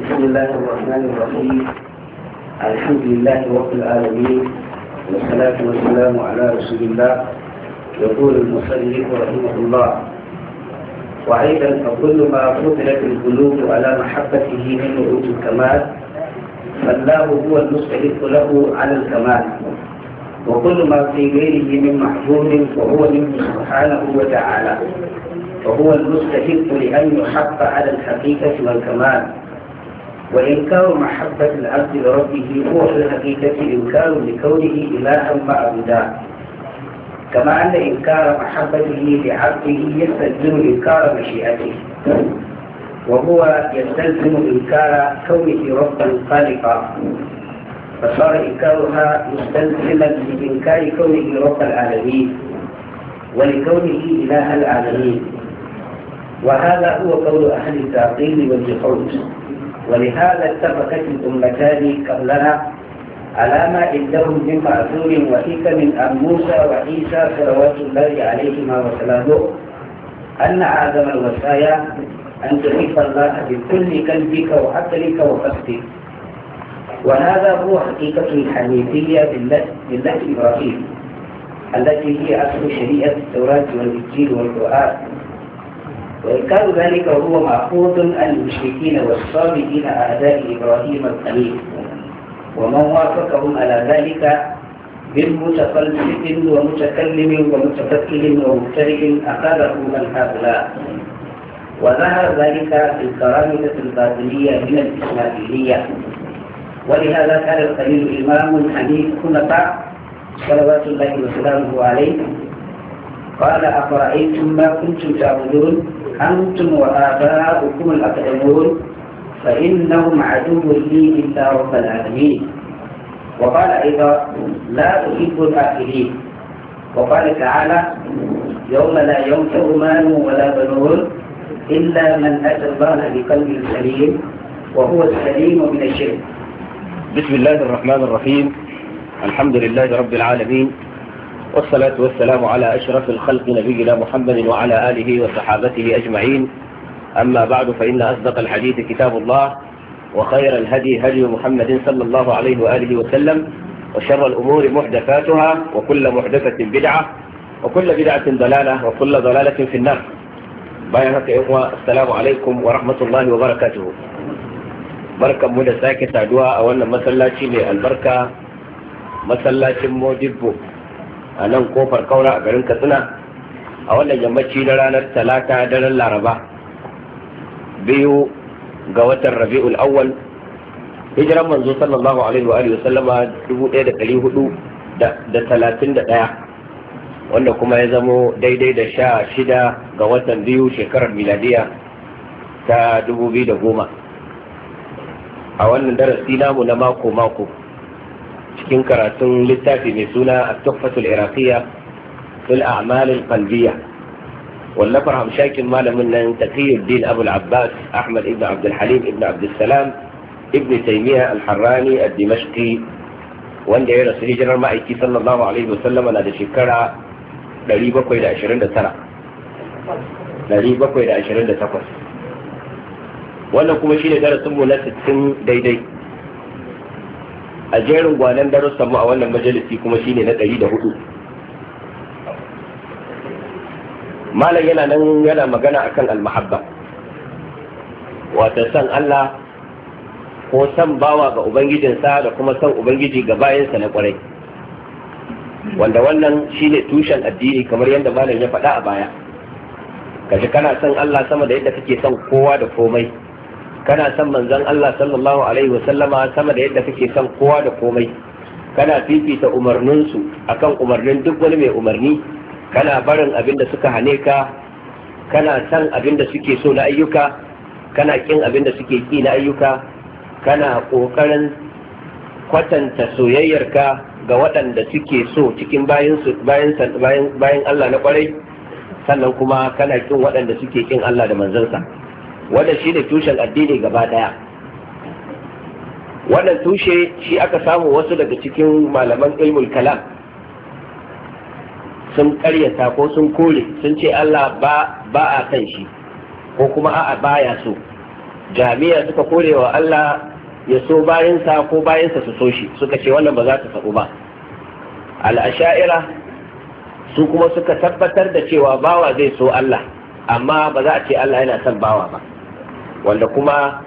بسم الله الرحمن الرحيم الحمد لله رب العالمين والصلاة والسلام على رسول الله يقول المصلي رحمه الله وأيضا فكل ما قتلت القلوب على محبته من وجود الكمال فالله هو المستحق له على الكمال وكل ما في غيره من محبوب فهو منه سبحانه وتعالى وهو المستحق لأن يحق على الحقيقة والكمال وإنكار محبة العبد لربه هو في الحقيقة إنكار لكونه إلها معبودا كما أن إنكار محبته لعبده يستلزم إنكار مشيئته وهو يستلزم إنكار كونه ربا خالقا فصار إنكارها مستلزما لإنكار كونه رب العالمين ولكونه إله العالمين وهذا هو قول أهل التعطيل والجحود ولهذا اتفقت الأمتان قبلنا على ما عندهم من معذور وحكم عن موسى وعيسى صلوات الله عليهما وسلامه أن عدم الوصايا أن تحب الله بكل قلبك وعقلك وقصدك وهذا هو حقيقة الحنيفية بالله إبراهيم التي هي أصل شريعة التوراة والإنجيل والقرآن وإنكار ذلك وهو معقود المشركين والصابئين أعداء إبراهيم الخليل ومن وافقهم على ذلك من متفلسف ومتكلم ومتفكر ومبتدئ أخذه من هؤلاء وظهر ذلك في الكرامة الباطنية من الإسماعيلية ولهذا كان الخليل إمام حنيف كنفع صلوات الله وسلامه عليه قال أفرأيتم ما كنتم تعبدون أنتم وآباؤكم الأقدمون فإنهم عدو لي إلا رب العالمين وقال أيضا لا أحب الآخرين وقال تعالى يوم لا ينفع مال ولا بنون إلا من أتى الله بقلب سليم وهو السليم من الشرك بسم الله الرحمن الرحيم الحمد لله رب العالمين والصلاة والسلام على أشرف الخلق نبينا محمد وعلى آله وصحابته أجمعين أما بعد فإن أصدق الحديث كتاب الله وخير الهدي هدي محمد صلى الله عليه وآله وسلم وشر الأمور محدثاتها وكل محدثة بدعة وكل بدعة ضلالة وكل ضلالة في النار بايعك يا إخوة السلام عليكم ورحمة الله وبركاته بركة مدى ساكت عدوى أولا مسلاتي من البركة مسلاتي مودبو a nan kofar kauna a garin katsina a wannan yammaci na ranar talata daren laraba biyu ga watan rabi'ul awwal hijiran manzo sallallahu alaihi wa alihi sallama 1431 wanda kuma ya zamo daidai da sha shida ga watan biyu shekarar miladiya ta 2010 a wannan darasi namu na mako mako cikin karatun littafi mai suna at-tuhfatul iraqiyya fil a'mal al-qalbiyya wallafar hamshakin malamin nan taqiyuddin abul abbas ahmad ibn abd al-halim ibn abd salam ibn taymiyyah al-harrani ad-dimashqi wanda ya rasu hijirar ma'aiki sallallahu alaihi wasallam na da shekara 729 728 wannan kuma shi ne darasinmu na 60 daidai a jerin gwanan darussan mu a wannan majalisi kuma shine na ɗari da hudu malam yana nan yana magana akan almahabba wata san Allah ko san bawa ga ubangijinsa da kuma san ubangiji ga bayansa na kwarai wanda wannan shine tushen addini kamar yadda malam ya faɗa a baya kaji kana san Allah sama da yadda kake son kowa da komai kana son manzon Allah sallallahu alaihi wasallama sama da yadda kake son kowa da komai kana fifita umarninsu akan umarnin duk wani mai umarni kana barin abin da suka hane ka kana san abin da suke so na ayyuka kana kin abin da suke ki na ayyuka kana kokarin kwatanta soyayyar ka ga waɗanda suke so cikin bayan Allah na kwarai sannan kuma kana kin waɗanda suke kin Allah da manzansa. wannan ne tushen addini gaba daya wannan tushe shi aka samu wasu daga cikin malaman ilmul kalam sun karyata ko sun kore sun ce Allah ba a kan shi ko kuma a'a baya so jami'a suka kore Allah ya so bayansa ko bayansa su so shi suka ce wannan ba za ta sabu ba al'asha'ira su kuma suka tabbatar da cewa bawa zai so Allah amma ba za a ce Allah yana son bawa ba wanda kuma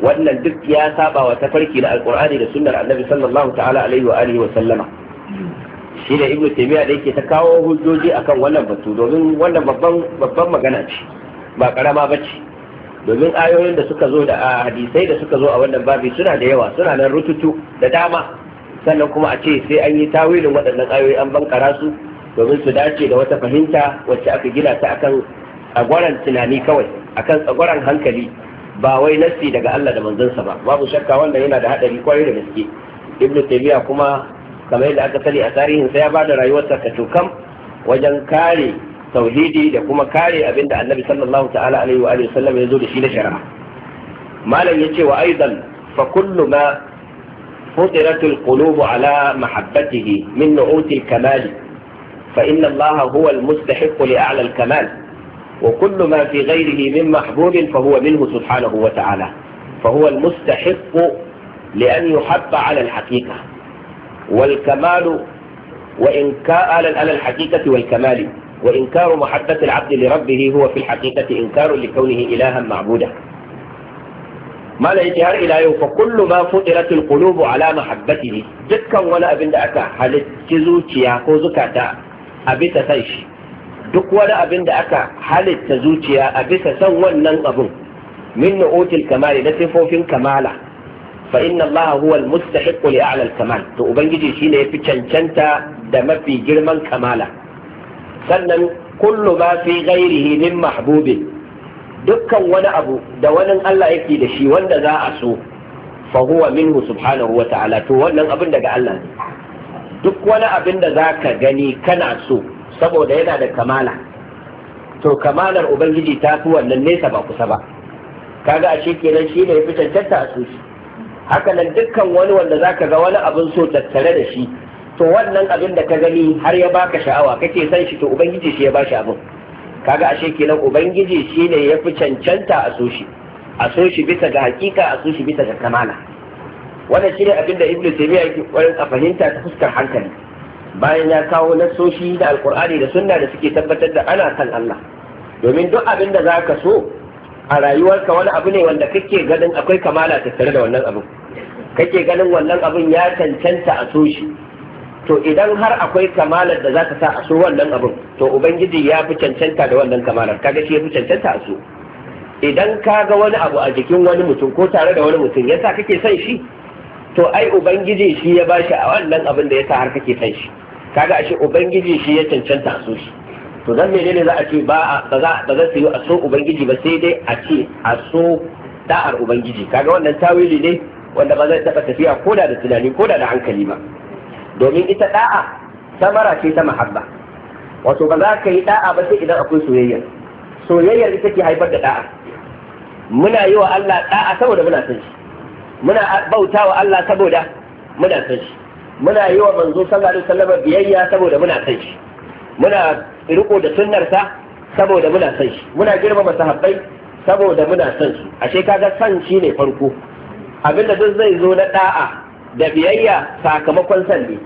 wannan duk ya saba wa tafarki da alkur'ani da sunnar annabi sallallahu ta'ala alaihi wa alihi wa sallama shi da ibnu taymiya da yake ta kawo hujjoji akan wannan batu domin wannan babban babban magana ce ba karama bace domin ayoyin da suka zo da hadisai da suka zo a wannan babi suna da yawa suna nan rututu da dama sannan kuma a ce sai an yi tawilin waɗannan ayoyi an bankara su domin su dace da wata fahimta wacce aka gina ta akan tsagwaran tunani kawai akan tsagwaran hankali ba wai nassi daga Allah da manzansa ba babu shakka wannan yana da hadari kwarai da gaske ibnu taymiya kuma kamar yadda aka sani a tarihin sa ya bada rayuwarsa ka tukam wajen kare tauhidi da kuma kare abinda annabi sallallahu ta'ala alaihi wa alihi sallam ya zo da shi na shari'a malam yace wa aidan fa kullu ma فطرت القلوب على محبته من نعوت الكمال فإن الله هو المستحق لأعلى الكمال وكل ما في غيره من محبوب فهو منه سبحانه وتعالى فهو المستحق لأن يحب على الحقيقة والكمال وإنكار على الحقيقة والكمال وإنكار محبة العبد لربه هو في الحقيقة إنكار لكونه إلها معبودا ما لا يتهار إلى يوم فكل ما فطرت القلوب على محبته دكا ولا أبن أكا هل تزوتيا كوزكا أبي تسيش duk wani abin da aka halitta zuciya a bisa son wannan abun. min nu'util kamali na sifofin kamala fa inna Allah huwa al-mustahiq li a'la al-kamal to ubangiji shine yafi cancanta da mafi girman kamala sannan kullu ma fi ghairihi min mahbubin dukkan wani abu da wani Allah yake da shi wanda za a so fa huwa minhu subhanahu wa ta'ala to wannan abin daga Allah ne duk wani abin da zaka gani kana so saboda yana da kamala to kamalar ubangiji ta fi wannan nesa ba kusa ba kaga a kenan shi ne ya fi cancanta a sushi haka nan dukkan wani wanda zaka ga wani abin so tattare da shi to wannan abin da ka gani har ya baka sha'awa kake san shi to ubangiji shi ya ba shi abin kaga a kenan ubangiji shi ne ya fi cancanta a so a so bisa ga hakika a so bisa ga kamala wannan shi ne abin da iblis ya yi kwarin a fahimta ta fuskar hankali bayan ya kawo nassoshi da alkur'ani da sunna da suke tabbatar da ana kan Allah domin duk abin da zaka so a rayuwarka wani abu ne wanda kake ganin akwai kamala tattare da wannan abin kake ganin wannan abin ya cancanta a so shi to idan har akwai kamalar da zaka sa a so wannan abin to ubangiji ya fi cancanta da wannan kamalar kaga shi ya fi cancanta a so idan ka ga wani abu a jikin wani mutum ko tare da wani mutum yasa kake son shi to ai ubangiji shi ya bashi a wannan abin da yasa har kake son shi kaga ashe ubangiji shi ya cancanta su shi to dan menene za a ce ba ba za ba za su yi a so ubangiji ba sai dai a ce a so da'ar ubangiji kaga wannan tawili ne wanda ba zai taba tafiya koda da tunani koda da hankali ba domin ita da'a samara ce ta mahabba wato ba za ka yi da'a ba sai idan akwai soyayya soyayyar ita ke haifar da da'a muna yi wa Allah da'a saboda muna son shi muna bauta wa Allah saboda muna son shi muna yi wa manzo sallallahu alaihi wasallam biyayya saboda muna san shi muna riko da sunnarsa saboda muna san shi muna girmama sahabbai saboda muna san su ashe kaga san shi ne farko abinda duk zai zo na da'a da biyayya sakamakon san ne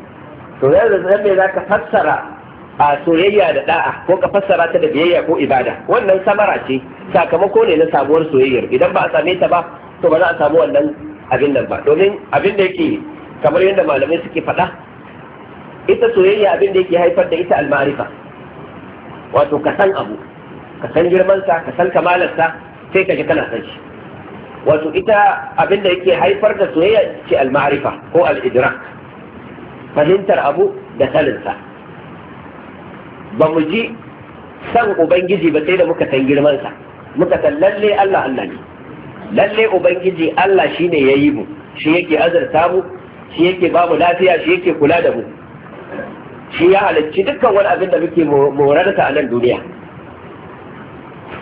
to yanzu zan me zaka fassara a soyayya da da'a ko ka fassara ta da biyayya ko ibada wannan samara ce sakamako ne na sabuwar soyayyar idan ba a same ta ba to ba za a samu wannan abin nan ba domin abin da yake kamar yadda malamai suke faɗa ita soyayya abin da yake haifar da ita almarifa wato ka san abu ka san girmansa ka san kamalarsa sai ka ji kana san shi wato ita abin da yake haifar da soyayya ce almarifa ko al'idrak fahimtar abu da saninsa ba mu ji san ubangiji ba sai da muka san girmansa muka san lalle Allah Allah ne lalle ubangiji Allah shine yayi mu shi yake azurta mu shi yake ba mu lafiya shi yake kula da mu shi ya halicci dukkan wani abin da muke morarta a nan duniya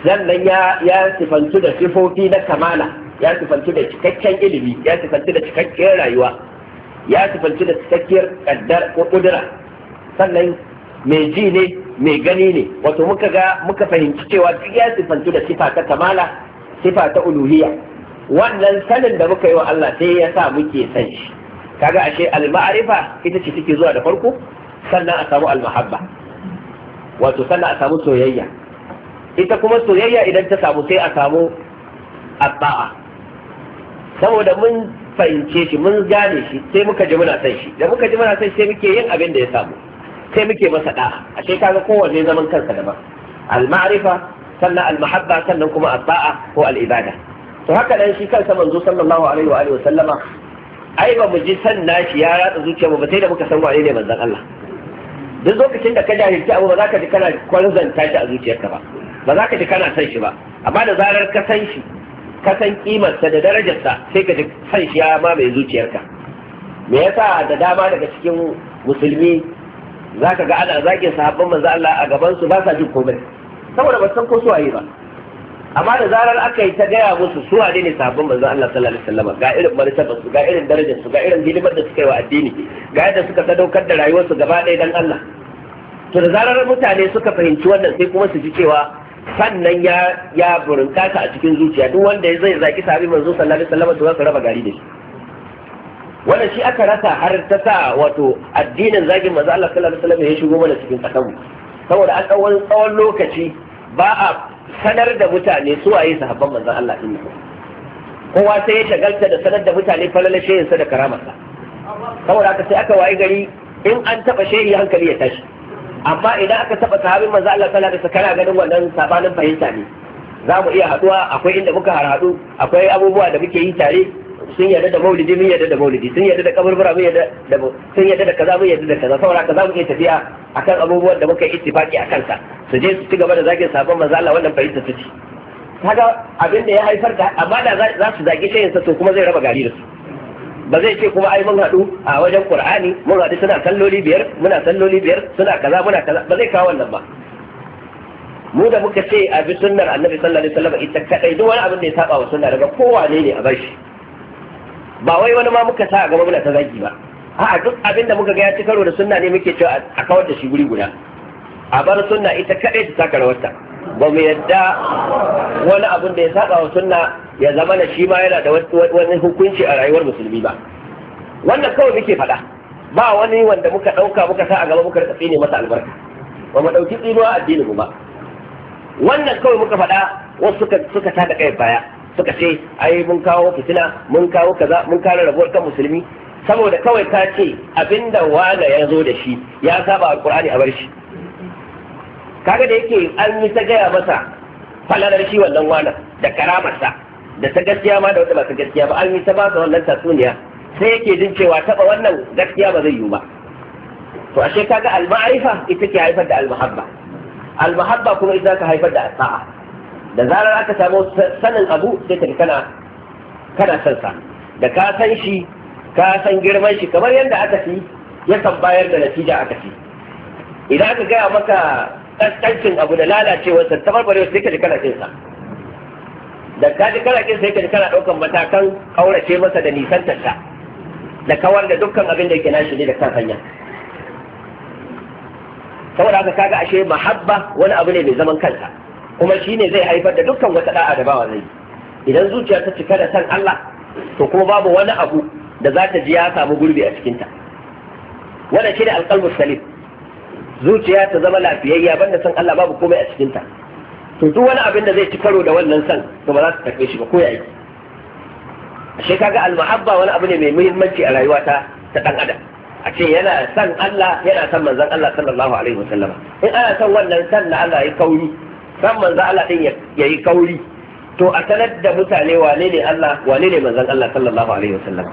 sannan ya ya sifantu da sifofi na kamala ya sifantu da cikakken ilimi ya sifantu da cikakken rayuwa ya sifantu da cikakkiyar kaddar ko kudura sannan mai ji ne mai gani ne wato muka ga muka fahimci cewa duk ya sifantu da sifa ta kamala sifa ta uluhiya wannan sanin da muka yi wa Allah sai ya sa muke san shi kaga ashe al-ma'rifa ita ce take zuwa da farko sannan a samu al-mahabba wato sannan a samu soyayya ita kuma soyayya idan ta samu sai a samu abba'a saboda mun fahimce shi mun gane shi sai muka ji muna san shi da muka ji muna san shi sai muke yin abin da ya samu sai muke masa da'a ashe kaga kowanne zaman kansa daban al-ma'rifa sannan al-mahabba sannan kuma abba'a ko al-ibada to haka dan shi kansa manzo sallallahu alaihi wa alihi wa sallama ai ba mu ji san nashi ya ratsa zuciya ba sai da muka san wane ne manzon Allah duk lokacin da ka jahilci abu ba za ka ji kana kwarzanta shi a zuciyarka ba ba za ka ji kana san shi ba amma da zarar ka san shi ka san kimarsa da darajarsa sai ka ji san shi ya mamaye zuciyarka me yasa da dama daga cikin musulmi za ka ga ana zagin sahabban manzon Allah a gaban su ba sa jin komai saboda ba san ko su waye ba amma da zarar aka yi ta gaya musu su wane ne sabon manzon Allah sallallahu alaihi wasallam ga irin martabar su ga irin darajar su ga irin hidimar da suka yi wa addini ga yadda suka sadaukar da rayuwarsu gaba ɗaya dan Allah to da zarar mutane suka fahimci wannan sai kuma su ji cewa sannan ya ya burinkata a cikin zuciya duk wanda zai zaki sabon manzo sallallahu alaihi wasallam to za su raba gari da shi wannan shi aka rasa har ta sa wato addinin zagin manzo Allah sallallahu alaihi wasallam ya shigo mana cikin kasanmu saboda an tsawon tsawon lokaci ba a sanar da mutane su waye sahabban manzan Allah din kowa sai ya shagalta da sanar da mutane falala shehinsa da karamarsa saboda haka sai aka wayi gari in an taɓa shehi hankali ya tashi amma idan aka taɓa sahabin maza Allah sallallahu alaihi wasallam ganin wannan sabanin fahimta ne za mu iya haɗuwa akwai inda muka harhaɗu akwai abubuwa da muke yi tare sun yarda da maulidi mun yarda da maulidi sun yarda da kaburbura mun yarda da sun yarda da kaza mun yarda da kaza saboda kaza mu iya tafiya akan abubuwan da muka yi ittifaki a kansa su je su ci gaba da zagin sabon manzo Allah wannan bai su ci kaga abin da ya haifar da amma da za su zagi shayin sa to kuma zai raba gari da su ba zai ce kuma ai mun haɗu a wajen Qur'ani mun haɗu suna salloli biyar muna salloli biyar suna kaza muna kaza ba zai kawo wannan ba mu da muka ce a bi sunnar annabi sallallahu alaihi wasallam ita kadai duk wani abin da ya saba wa sunna daga kowa ne a bashi ba wai wani ma muka sa a gaba muna ta zagi ba a'a duk abin da muka ga ya ci karo da sunna ne muke cewa a kawar da shi guri guda a bar sunna ita kadai ta taka rawarta ba mu yadda wani abin da ya saba wa sunna ya zama na shi ma yana da wani hukunci a rayuwar musulmi ba wannan kawai muke faɗa ba wani wanda muka ɗauka muka sa a gaba muka rika ne masa albarka ba mu ɗauki tsinuwa addinin mu ba wannan kawai muka faɗa wasu suka tada kai baya suka ce ai mun kawo fitina mun kawo kaza mun kare rabuwar kan musulmi saboda kawai ka ce abinda wala ya zo da shi ya saba alqur'ani a bar shi kaga da yake an yi ta gaya masa falalar shi wannan wala da karamarsa da ta gaskiya ma da wata ba ta gaskiya ba an yi ta ba sa wannan tatsuniya sai yake jin cewa taba wannan gaskiya ba zai yiwu ba to ashe kaga al-ma'rifa ita ke haifar da al muhabba al muhabba kuma ita ka haifar da as da zarar aka samu sanin abu sai ka kana kana san sa da ka san shi ka san girman shi kamar yadda aka fi yakan bayar da natija aka fi idan aka gaya maka kaskancin abu da lalacewarsa ta barbare sai ka kana san sa da ka ji kana kin sai ka kana ɗaukan matakan kaurace masa da nisan tasa da kawar da dukkan abin da yake nashi ne da kan hanya saboda haka kaga ashe mahabba wani abu ne mai zaman kansa kuma shi ne zai haifar da dukkan wata da'a da bawa zai idan zuciya ta cika da san Allah to kuma babu wani abu da za ta ji ya samu gurbi a cikinta wannan ne alqalbu salim zuciya ta zama lafiyayya banda san Allah babu komai a cikinta to duk wani abin da zai ci karo da wannan san to ba za su karbe shi ba ko yayi ashe kaga al-mahabba wani abu ne mai muhimmanci a rayuwa ta ta dan adam a ce yana san Allah yana san manzon Allah sallallahu alaihi wasallama in ana san wannan san na Allah ya kauri san manzo Allah din yayi kauri to a sanar da mutane wane ne Allah wane ne manzon Allah sallallahu alaihi wasallam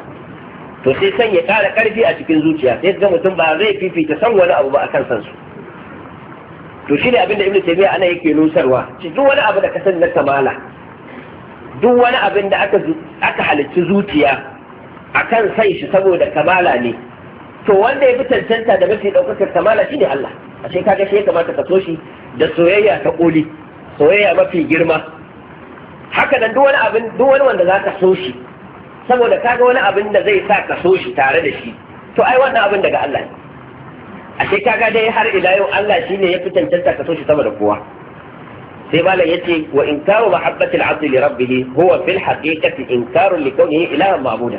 to sai san ya kara karfi a cikin zuciya sai ga mutum ba zai fifita san wani abu ba akan san su to shine abin da Ibn Taymiyyah ana yake nusarwa duk wani abu da ka san na kamala duk wani abin da aka aka halicci zuciya akan sai shi saboda kamala ne to wanda ya fi cancanta da mafi daukar kamala shine Allah a ka kaga shi ya kamata ka so shi da soyayya ta koli soyayya mafi girma haka nan duk wani abin duk wani wanda za ka so shi saboda ka ga wani abin da zai sa ka so shi tare da shi to ai wannan abin daga Allah ne ashe kaga dai har ila yau Allah shine ya fi cancanta ka so shi sama da kowa sai malam yace wa inkaru mahabbatil abdi li rabbih huwa fil haqiqati inkaru li kawnihi ilahan ma'buda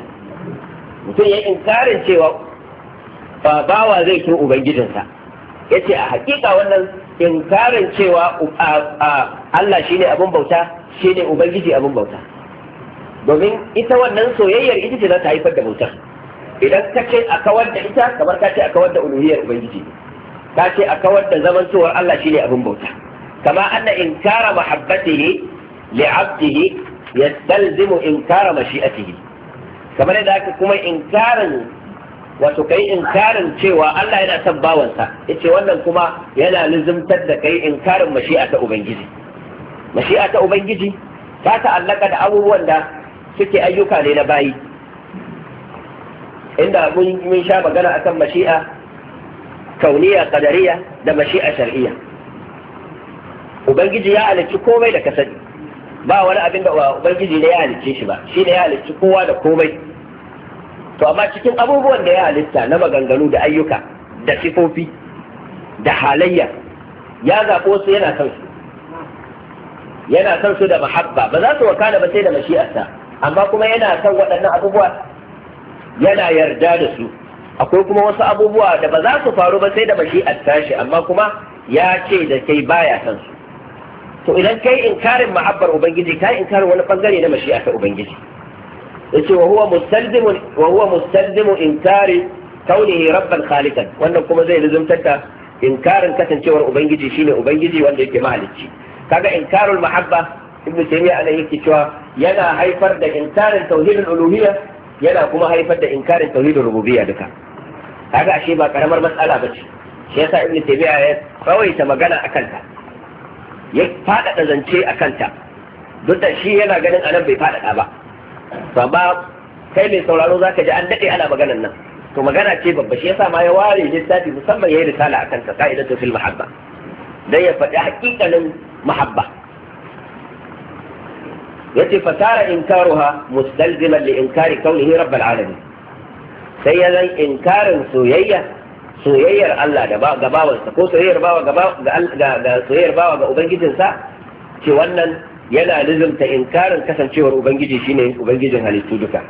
mutum ya inkarin cewa ba bawa zai so ubangijinsa yace a haƙiƙa wannan inkarin cewa Allah shine abin bauta shine ubangiji abin bauta domin ita wannan soyayyar ita ce za ta haifar da bautar idan ka ce a kawar da ita kamar ka ce a kawar da uluhiyar ubangiji ka ce a kawar da zamantowar Allah shine abin bauta kama anna inkara mahabbatihi li abdihi yastalzimu inkara mashi'atihi kamar yadda aka kuma inkarin wato kai inkarin cewa Allah yana son bawansa yace wannan kuma yana lizumtar da kai inkarin mashi'a ta ubangiji mashi'a ta ubangiji ta ta'allaka da abubuwan da suke ayyuka ne na bayi inda mun sha magana akan mashi'a kauniya qadariya da mashi'a shar'iyya ubangiji ya alici komai da kasani ba wani abin da ubangiji ne ya alice shi ba shi ne ya alici kowa da komai to amma cikin abubuwan da ya halitta na maganganu da ayyuka da sifofi da halayya ya zaɓo su yana son su yana son su da mahabba ba za su wakana ba sai da mashi'arsa amma kuma yana son waɗannan abubuwa yana yarda da su akwai kuma wasu abubuwa da ba za su faru ba sai da mashi'arsa shi. amma kuma ya ce da kai baya son su to idan kai inkarin mahabbar ubangiji kai inkarin wani bangare na mashi'arsa ubangiji yace wa huwa mustalzimu wa huwa mustalzimu inkari kaunihi rabban khaliqan wannan kuma zai lizumtar da inkarin kasancewar ubangiji shine ubangiji wanda yake mahalicci kaga inkarul mahabba ibnu taymiya alaihi yake cewa yana haifar da inkarin tauhidul uluhiyya yana kuma haifar da inkarin tauhidul rububiyya duka kaga ashe ba karamar matsala bace shi yasa ibnu taymiya ya rawaita magana akan ta ya faɗaɗa zance akan ta duk da shi yana ganin anan bai faɗaɗa ba to kai mai sauraro zaka ji an dade ana maganar nan to magana ce babba shi yasa ma ya ware littafi musamman yayi risala akan ta qa'idatu fil mahabba dan ya faɗi haƙiƙanin mahabba yace fasara inkaruha mustalziman li inkari kaunihi rabbal alamin sai ya zan inkarin soyayya soyayyar Allah da ga bawansa ko soyayyar bawa ga soyayyar bawa ga ubangijinsa ce wannan yana nizumta inkarin kasancewar ubangiji shine ubangijin halittu duka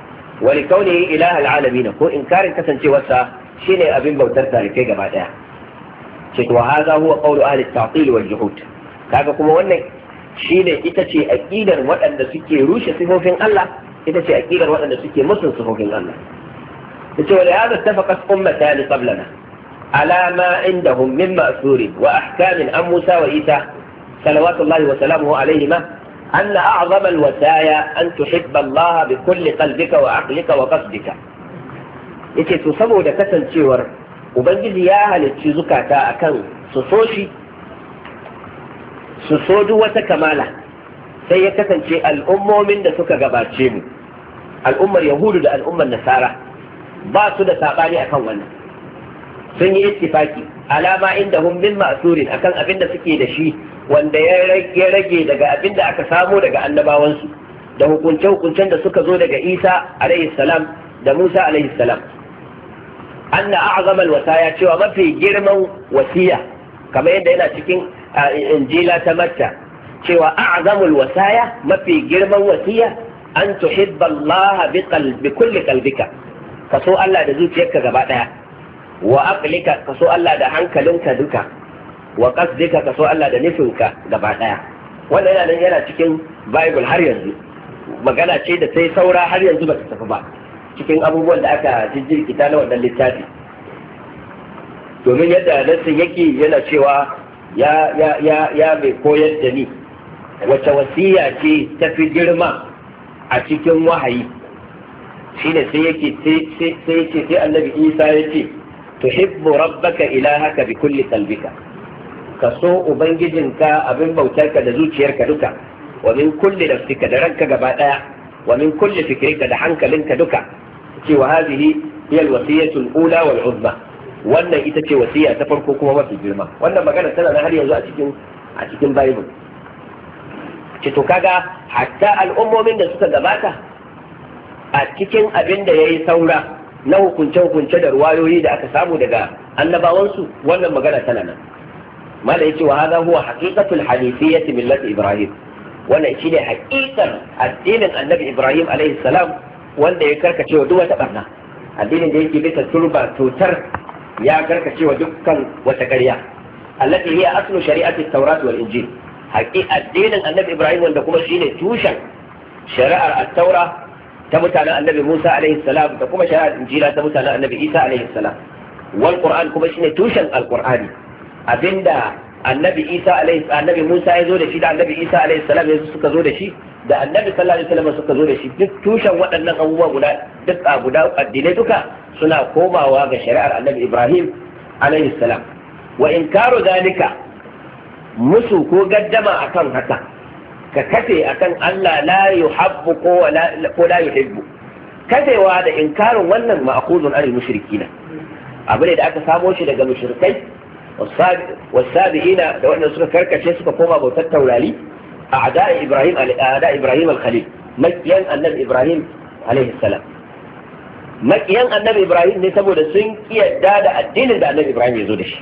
wani kauni ilahal alamin ko inkarin kasancewarsa shine abin bautar talikai gaba daya ce to haza huwa qawlu ahli at-ta'til wal juhud kaga kuma wannan shine ita ce aqidar waɗanda suke rushe sifofin Allah ita ce aqidar waɗanda suke musun sifofin Allah yace wa hada tafaqat ummatan qablana على ما عندهم من مأثور musa wa isa وإيسى صلوات الله وسلامه alayhima. أن أعظم الوسايا أن تحب الله بكل قلبك وعقلك وقصدك yake to saboda kasancewar ubangiji ya halicci zukata akan su so shi su so duk wata kamala sai ya kasance al'ummomin da suka gabace mu al'ummar yahudu da al'ummar nasara ba su da saɓani akan wannan sun yi ittifaki alama inda hum min ma'surin akan abin da suke da shi wanda ya rage daga abin da aka samo daga annabawansu da hukunce-hukuncen da suka zo daga isa salam da musa alaihi salam an na a'azamal wasaya cewa mafi girman wasiya kamar yadda yana cikin injila ta matta cewa a'azamul wasaya mafi girman wasiya an tuhibba Allah bi kulli kalbika ka so Allah da zuciyarka gaba daya wa aqlika ka so Allah da hankalinka duka wa qasdika ka so Allah da nufinka gaba daya wannan yana nan yana cikin bible har yanzu magana ce da sai saura har yanzu bata tafi ba cikin abubuwan da aka jijjirkita na wannan littafi domin yadda nassin yake yana cewa ya ya ya ya mai koyar da ni wace wasiya ce ta fi girma a cikin wahayi Shi ne sai yake sai sai sai annabi Isa ya ce tuhibbu rabbaka ilahaka bi kulli qalbika ka so ubangijinka abin bautarka da zuciyarka duka wa min kulli nafsika da ranka gaba daya wa min kulli fikrika da hankalinka duka cewa hadhihi hiya alwasiyatu alula wal uzma wannan ita ce wasiya ta farko kuma mafi girma wannan magana tana nan har yanzu a cikin a cikin bible ce to kaga hatta al'ummomin da suka gabata a cikin abin da yayi saura na hukunce-hukunce da ruwayoyi da aka samu daga annabawansu wannan magana tana nan ما لقيت وهذا هو حقيقة الحنيفية ملة إبراهيم wannan shi ne hakikar addinin annabi ibrahim alayhi salam wanda ya karkace wa duk wata barna addinin da yake bisa turba tutar ya karkace wa dukkan wata ƙarya allati hiya aslu shari'ati taurat wal injil haƙi addinin annabi ibrahim wanda kuma shi ne tushen shari'ar at-taura ta mutanen annabi musa alayhi salam da kuma shari'ar injila ta mutanen annabi isa alayhi salam wal qur'an kuma shi ne tushen al-qur'ani abinda annabi isa alaihi annabi musa ya zo da shi da annabi isa alaihi salam ya suka zo da shi da annabi sallallahu alaihi wasallam suka zo da shi duk tushen waɗannan abubuwa guda duk a guda addinai duka suna komawa ga shari'ar annabi ibrahim alaihi salam wa inkaru dalika musu ko gaddama akan haka ka kafe akan Allah la yuhabbu ko la yuhibbu kafewa da inkarin wannan ma'khuzun anil mushrikina abu ne da aka samo shi daga mushrikai wasabi'ina da wannan suka karkace suka koma bautar taurari a ada Ibrahim Ibrahim al-Khalil makiyan annabi Ibrahim alaihi salam makiyan annabi Ibrahim ne saboda sun kiyarda da addinin da annabi Ibrahim ya zo da shi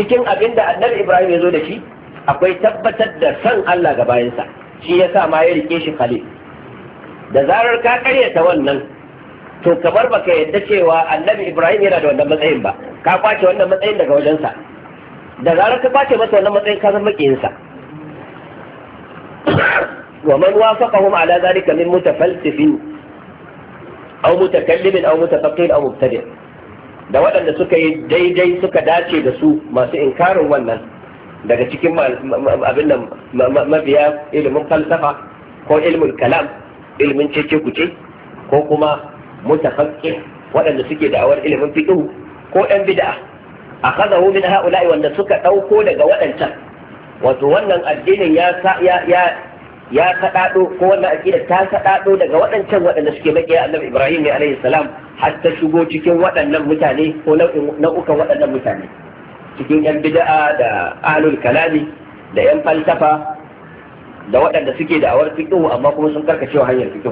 cikin abin da annabi Ibrahim ya zo da shi akwai tabbatar da san Allah ga bayansa shi yasa ma ya rike shi Khalil da zarar ka karyata wannan to kamar baka yadda cewa annabi ibrahim yana da wannan matsayin ba ka kwace wannan matsayin daga wajensa da zarar ka kwace masa wannan matsayin ka san makiyinsa wa man wafaqahum ala zalika min mutafalsifin aw mutakallimin aw mutafaqqin aw mubtadi' da waɗanda suka yi daidai suka dace da su masu inkarin wannan daga cikin abin nan mabiya ilimin falsafa ko ilimin kalam ilimin cece kuce ko kuma mutafaqqih waɗanda suke da'awar ilimin fiqh ko ɗan bid'a akhadahu min ha'ula'i wanda suka ɗauko daga waɗancan wato wannan addinin ya ya ya ya kaɗaɗo ko wannan aƙida ta kaɗaɗo daga waɗancan waɗanda suke maƙiya annabi Ibrahim ne alaihi salam har ta shigo cikin waɗannan mutane ko nau'ukan waɗannan mutane cikin yan bida'a da ahlul kalami da yan falsafa da waɗanda suke da'awar fiqh amma kuma sun karkacewa hanyar fiqh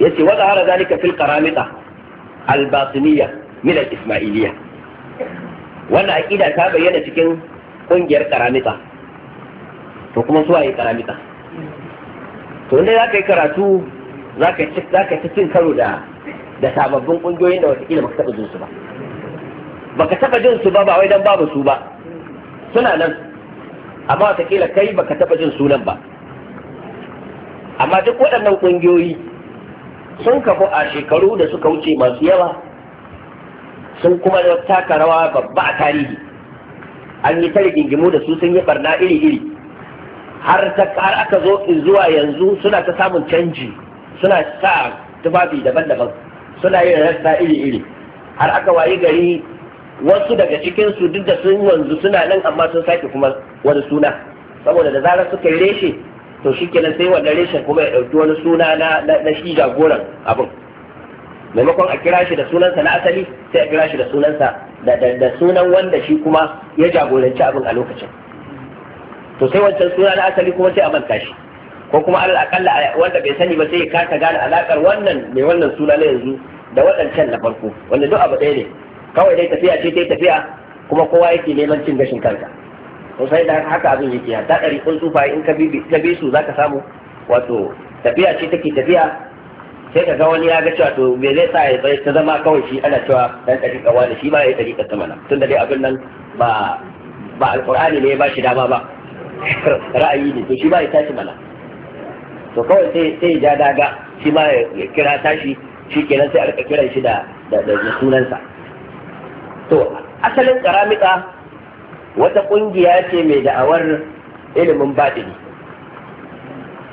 yace wa zahara zalika fil qaramita al batiniyya min al ismailiyya wannan aqida ta bayyana cikin kungiyar qaramita to kuma su waye qaramita to inda zaka yi karatu zaka ci zaka ci cin karo da da sababbin kungiyoyin da wataƙila baka taɓa jin su ba baka taɓa jin su ba ba wai dan babu su ba suna nan amma wataƙila kai baka taɓa jin sunan ba amma duk waɗannan ƙungiyoyi sun kafu a shekaru da suka wuce masu yawa sun kuma taka rawa babba a tarihi an yi tare gingimu da su sun yi barna iri-iri har aka zo zuwa yanzu suna ta samun canji suna sa tufafi daban-daban suna yin rasta iri-iri har aka wayi gari wasu daga cikinsu duk da sun wanzu suna nan amma sun sake kuma wani suna saboda da zarar suka yi reshe to shi kenan sai wannan reshen kuma ya ɗauki wani suna na na shi jagoran abin maimakon a kira shi da sunansa na asali sai a kira shi da sunansa da sunan wanda shi kuma ya jagoranci abin a lokacin to sai wancan suna na asali kuma sai a manta shi ko kuma alal akalla wanda bai sani ba sai ya kasa gane alakar wannan mai wannan suna na yanzu da waɗancan na farko wanda duk abu ɗaya ne kawai dai tafiya ce ta tafiya kuma kowa yake neman cin gashin kanka to sai da haka abin yake ya ta ɗari kun tsufa in ka bi ka bi su zaka samu wato tafiya ce take tafiya sai ka ga wani ya ga cewa to me zai sa ya ta zama kawai shi ana cewa dan ɗari kawa ne shi ma ya ɗari ta mana tunda dai abin nan ba ba alqur'ani ne ya ba shi dama ba ra'ayi ne to shi ma ya tashi mana to kawai sai sai ya daga shi ma ya kira tashi shi kenan sai a kiran shi da da sunansa to asalin karamika wata ƙungiya ce mai da'awar ilimin baɗini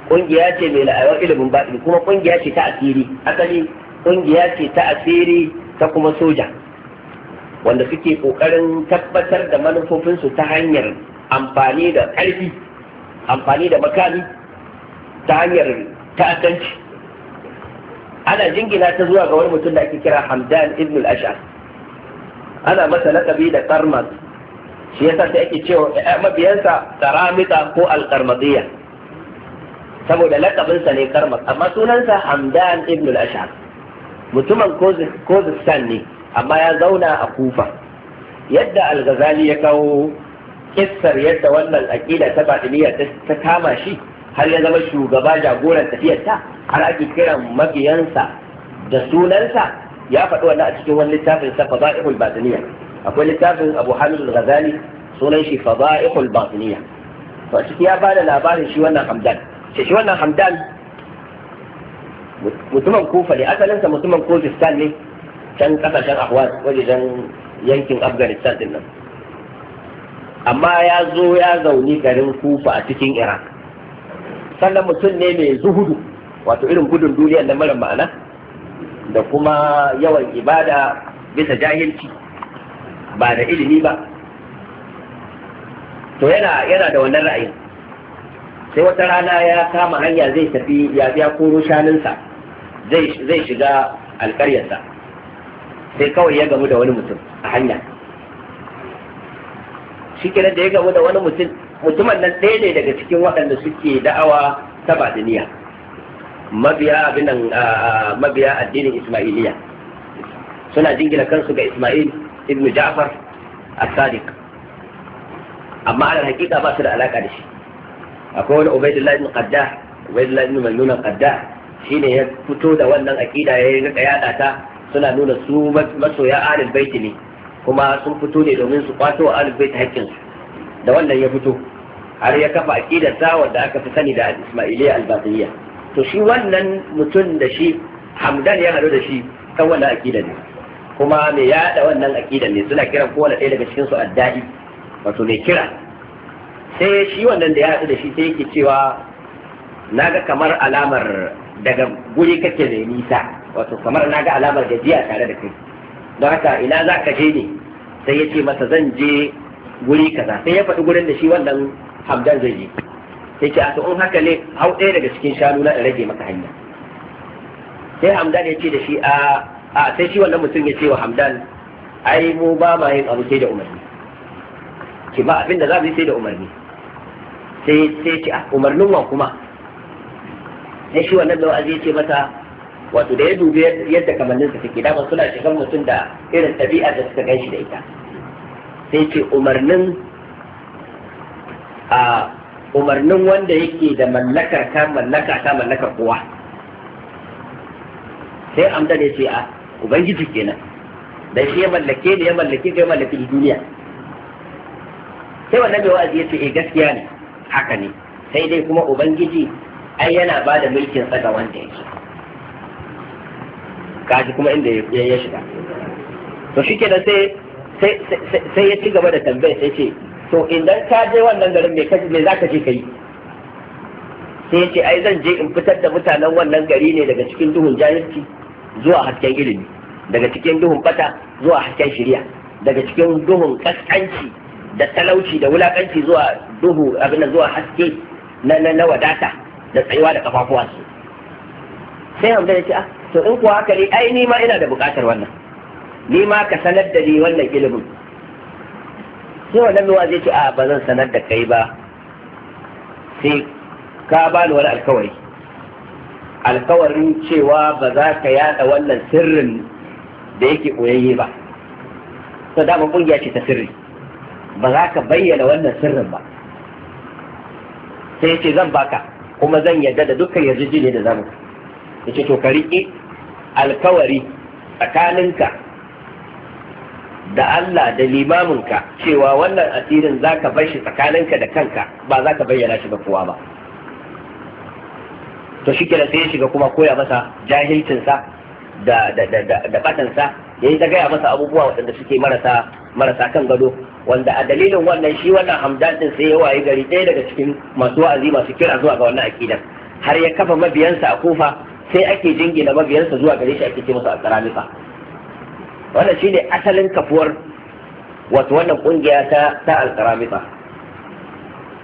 ƙungiya ce mai da'awar ilimin baɗini kuma ƙungiya ce ta asiri asali ƙungiya ce ta asiri ta kuma soja wanda suke ƙoƙarin tabbatar da manufofinsu ta hanyar amfani da ƙarfi amfani da makami ta hanyar ta'addanci ana jingina ta zuwa ga wani mutum da ake kira hamdan ibn al-ash'ar ana masa laƙabi da karmas shi yasa sai ake cewa mabiyansa karamika ko alkarmadiyya saboda lakabinsa ne karmak amma sunansa hamdan ibn al-ashar mutumin kozistan ne amma ya zauna a kufa yadda al-ghazali ya kawo kissar yadda wannan aƙida ta batiniyya ta kama shi har ya zama shugaba jagoran tafiyarta har ake kiran mabiyansa da sunansa ya faɗi wannan a cikin wani littafin sa ba'ihul batiniyya akwai littafin abu hamid al-ghazali sunan shi fada'iqul batiniya to a ya bada labarin shi wannan hamdan shi shi wannan hamdan mutumin kufa ne asalinsa mutumin kurdistan ne can kasashen ahwaz wajen yankin afghanistan din nan amma ya zo ya zauni garin kufa a cikin iraq sannan mutum ne mai zuhudu wato irin gudun duniya na mara ma'ana da kuma yawan ibada bisa jahilci ba da ilimi ba to yana yana da wannan ra'ayi sai wata rana ya kama hanya zai tafi ya biya koro shanunsa zai shiga alƙaryarsa, sai kawai ya gamu da wani mutum a hanya shi da ya gamu da wani mutum mutumin nan ɗaya ne daga cikin waɗanda suke da'awa ta badiniya mabiya nan mabiya addinin ismailiya suna jingina kansu ga ismail ibn ja'far as-sadiq amma ala hakika ba su da alaka da shi akwai wani ubaidullah ibn qaddah ubaidullah ibn kadda qaddah shine ya fito da wannan aqida ya rika yada ta suna nuna su masoya ahlul bait ne kuma sun fito ne domin su kwato wa ahlul bait haƙƙin su da wannan ya fito har ya kafa aqidar sa wanda aka fi sani da al-ismailiyya al-batiniyya to shi wannan mutum da shi hamdan ya haɗu da shi kan wannan aqidar ne kuma mai yada wannan aqidan ne suna kiran kowane ɗaya daga cikin su addai wato mai kira sai shi wannan da ya haɗu da shi sai yake cewa naga kamar alamar daga guri kake mai nisa wato kamar naga alamar gajiya tare da kai don haka ina za ka je ne sai ya ce masa zan je guri kaza sai ya faɗi gurin da shi wannan hamdan zai je sai ce a to in haka ne hau ɗaya daga cikin shanu na rage maka hanya sai hamdan ya ce da shi a a sai shi wannan mutum ya ce wa hamdan ai mu ba ma yin abu sai da umarni ki ba abin da za mu yi sai da umarni sai sai ce a umarnin wa kuma sai shi wannan lawazi ya ce mata wato da ya dubi yadda sa take dama suna shigan mutum da irin tabi'a da suka ganshi da ita sai ce umarnin a umarnin wanda yake da mallakar ka mallaka ta mallakar kowa sai Amdan ya ce a ubangiji kenan da shi ya mallake ne ya mallake kai ya mallake duniya sai wannan mai wa'azi yace eh gaskiya ne haka ne sai dai kuma ubangiji ai yana ba da mulkin tsaga ga wanda yake kaji kuma inda ya shiga to shi kenan sai sai ya ci gaba da tambaya sai ce to idan ka je wannan garin me kaji me zaka je kai sai ya ce ai zan je in fitar da mutanen wannan gari ne daga cikin duhun jahilci zuwa hasken ilimi daga cikin duhun bata zuwa hasken shirya daga cikin duhun kaskanci da talauci da wulakanci zuwa duhu abin zuwa haske na na wadata da tsayuwa da kafafuwa su sai hamza ya ce ah to in kuwa haka ne ai ni ma ina da bukatar wannan ni ma ka sanar da ni wannan ilimin sai wannan ruwa zai ce a ah, ba zan sanar da kai ba sai ka bani wani alkawari alkawarin cewa ba za ka yada wannan sirrin da yake koyayye ba to dama kungiya ce ta sirri ba za ka bayyana wannan sirrin ba sai ce zan baka kuma zan yarda da dukkan yarjejeniya da zamu ya ce to ka riƙe alkawari tsakaninka da Allah da limaminka cewa wannan asirin za ka bar shi tsakaninka da kanka ba za ka bayyana shi ga kowa ba to shi kenan sai ya shiga kuma koya masa jahilcinsa da da da da da batansa yayi ta gaya masa abubuwa waɗanda suke marasa marasa kan gado wanda a dalilin wannan shi wannan hamdan din sai ya wayi gari ɗaya daga cikin masu wa'azi masu kira zuwa ga wannan aqidan har ya kafa mabiyansa a kufa sai ake jingina mabiyansa zuwa gare shi ake ce masa alƙaramifa wannan shine asalin kafuwar wato wannan kungiya ta ta alƙaramifa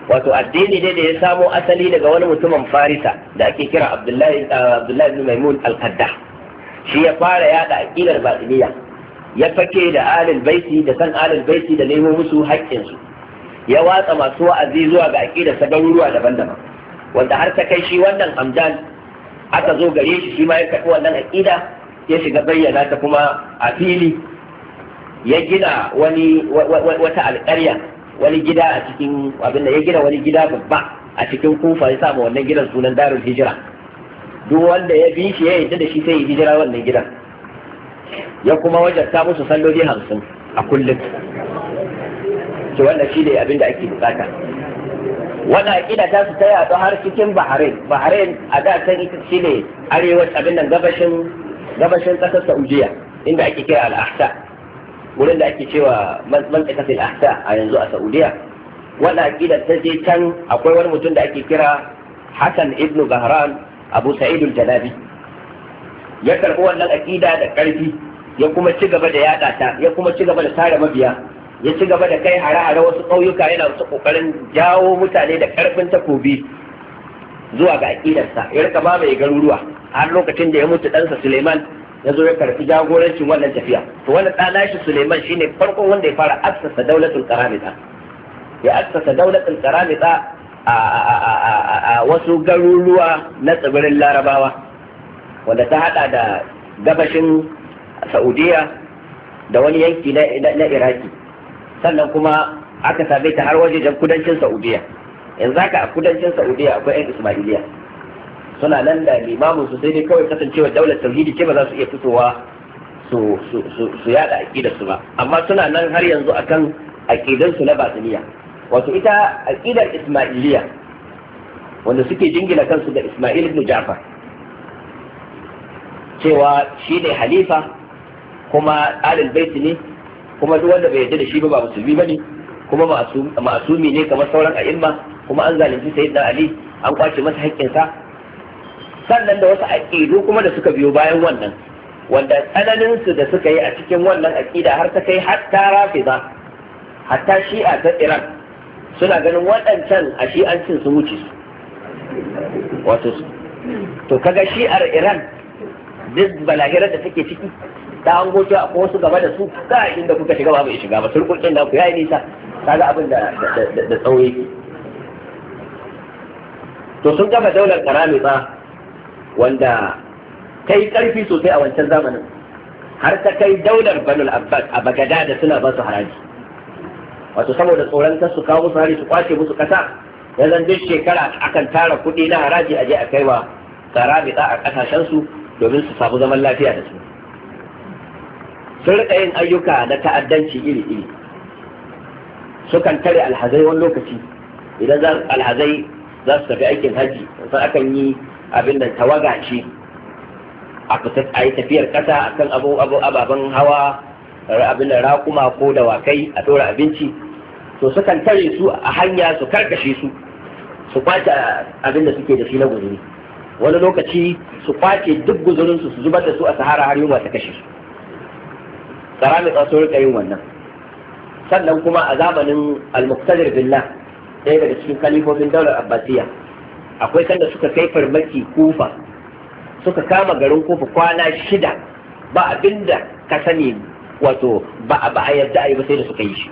wato addini dai da ya samo asali daga wani mutumin farisa da ake kira abdullahi uh, abdullahi maimun al qadda shi ya fara yada aqidar batiniya ya fake da alil baiti da san alil baiti da nemo musu haƙƙin su ya watsa masu wa'azi zuwa ga aqidar sa garuruwa daban-daban wanda har ta kai shi wannan amjan aka zo gare shi shi ma ya karɓi wannan aqida ya shiga bayyana ta kuma a fili ya gina wani wata alƙarya wani gida a cikin abin da ya gina wani gida babba a cikin kufa ya samu wannan gidan sunan darul hijira duk wanda ya bi shi ya yadda da shi sai ya hijira wannan gidan ya kuma wajabta musu salloli hamsin a kullum Ki wannan shi ne abin da ake bukata wannan aƙida ta su ta yaɗu har cikin Bahrain Bahrain a da can ita shi ne arewa abin nan gabashin gabashin ƙasar Saudiya inda ake kai al-Ahsa wurin da ake cewa man tsakatil ahsa a yanzu a saudiya wanda aqidar ta je can akwai wani mutum da ake kira Hassan ibnu bahran abu sa'id al ya karbi wannan aƙida da karfi ya kuma ci gaba da yada ta ya kuma ci gaba da tare mabiya ya ci gaba da kai hare-hare wasu ƙauyuka yana wasu ƙoƙarin jawo mutane da ƙarfin takobi zuwa ga aƙidarsa ya rika mamaye garuruwa har lokacin da ya mutu ɗansa Suleiman ya zo ya karfi jagorancin wannan tafiya to wannan ɗana shi Suleiman shine farkon wanda ya fara assasa daulatul karamita ya assasa daulatul karamita a wasu garuruwa na tsibirin larabawa wanda ta hada da gabashin saudiya da wani yanki na iraki sannan kuma aka same ta har wajejen kudancin saudiya yanzu haka a kudancin saudiya akwai 'yan ismailiya suna nan da limamin su sai dai kawai kasancewa daular tauhidi ce ba za su iya fitowa su su yada aqidar su ba amma suna nan har yanzu akan aqidar su na batiniya wato ita aqidar ismailiya wanda suke jingila kansu da ismail ibn ja'far cewa shi ne halifa kuma alil baiti ne kuma duk wanda bai yarda da shi ba ba musulmi bane kuma masumi ne kamar sauran a'imma kuma an zalunci sayyidina ali an kwace masa haƙƙinsa sannan da wasu aƙidu kuma da suka biyo bayan wannan wanda tsananinsu da suka yi a cikin wannan aƙida har ta kai hatta rafiza hatta shi'a ta iran suna ganin waɗancan a shi'ancin su wuce su wato to kaga shi'ar iran duk balahirar da take ciki da an goce akwai su gaba da su ka inda kuka shiga ba bai shiga ba turkukin da ku yayi nisa kaga abin da da tsawo to sun gaba daular karami ba wanda ta yi ƙarfi sosai a wancan zamanin har ta kai daular banul abbas a bagada da suna ba su haraji wato saboda tsoron ta su kawo musu hari su kwace musu kasa ya zan duk shekara akan tara kuɗi na haraji a je a kaiwa karabita a ƙasashen su domin su samu zaman lafiya da su sun riƙa yin ayyuka na ta'addanci iri-iri sukan tare alhazai wani lokaci idan alhazai za su tafi aikin haji sai akan yi abin da tawaga ce a kusa yi tafiyar ƙasa akan kan ababen hawa abin da rakuma ko dawakai a dora abinci to sukan tare su a hanya su karkashe su su kwace abin da suke da shi na guzuri wani lokaci su kwace duk guzurin su su zubar da su a sahara har yunwa ta kashe su rika yin wannan sannan kuma a zamanin al-muqtadir billah ɗaya daga cikin kalifofin daular abbasiyya akwai sanda suka kai farmaki kufa suka kama garin kufa kwana shida ba abinda ka sani wato ba a yadda a yi ba sai da suka yi shi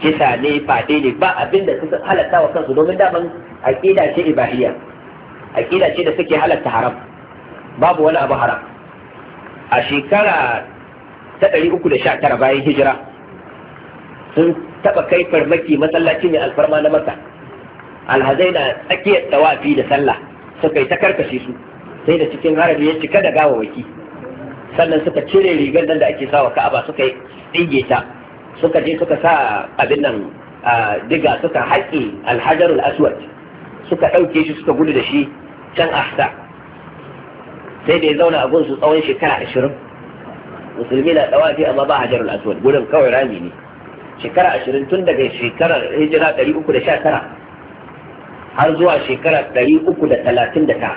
kisa ne fade ne ba abinda suka halatta wa kansu domin daman aqida ce ibahiyya aqida ce da suke halatta haram babu wani abu haram a shekara ta ɗari uku da sha tara bayan hijira sun taɓa kai farmaki masallaci ne alfarma na masa alhazai na tsakiyar tawafi da sallah suka yi ta karkashe su sai da cikin harabi ya cika da gawawaki sannan suka cire rigar nan da ake sawa ka'aba suka yi tsige ta suka je suka sa abin nan diga suka haƙe alhajarul aswad suka ɗauke shi suka gudu da shi can ahsa sai da ya zauna a gunsu tsawon shekara ashirin musulmi na tsawafi amma ba hajarul aswad gudun kawai rami ne shekara ashirin tun daga shekarar hijira ɗari uku da sha tara har zuwa shekara ɗari uku da talatin da ta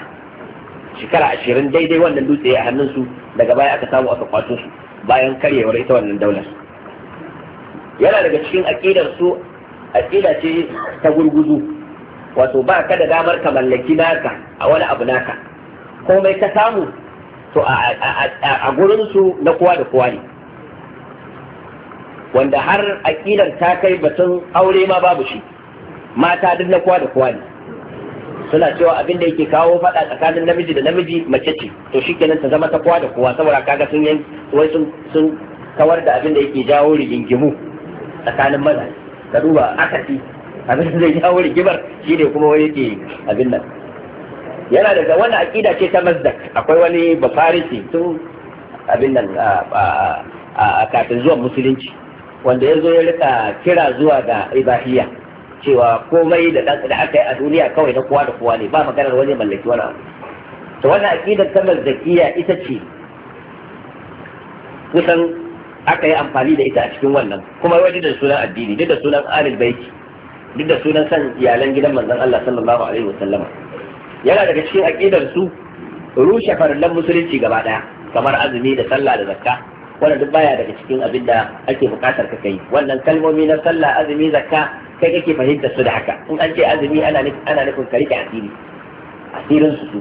shekara ashirin daidai wannan dutse a hannunsu daga baya aka samu aka kwato su bayan karyewar ita wannan daular yana daga cikin aƙidar su aƙida ce ta gurguzu wato ba ka da damar ka mallaki naka a wani abu naka komai ka samu to a gurin su na kowa da kowa ne wanda har aƙidar ta kai batun aure ma babu shi mata duk na kowa da kowa ne suna cewa abin da yake kawo faɗa tsakanin namiji da namiji mace ce to shikenan ta zama ta kowa da kowa saboda kaga sun yan wai sun sun kawar da abin da yake jawo rigingimu tsakanin maza ka duba akati abin da zai jawo rigimar shine kuma wai yake abin nan yana daga wannan aqida ce ta mazdak akwai wani bafarisi tun abin nan a kafin zuwan musulunci wanda ya zo ya rika kira zuwa ga ibahiyya cewa komai da da aka yi a duniya kawai na kowa da kowa ne ba maganar wani mallaki wani abu to wannan aqidar ta zakiya ita ce kusan aka yi amfani da ita a cikin wannan kuma wani da sunan addini duk da sunan alil baiti duk da sunan san iyalan gidan manzon Allah sallallahu alaihi Sallama, yana daga cikin aqidar su rushe farallan musulunci gaba daya kamar azumi da sallah da zakka wannan duk baya daga cikin abin da ake bukatar ka kai wannan kalmomi na sallah azumi zakka kai kake fahimtar su da haka in an ce azumi ana ana nufin ka rike asiri asirin su su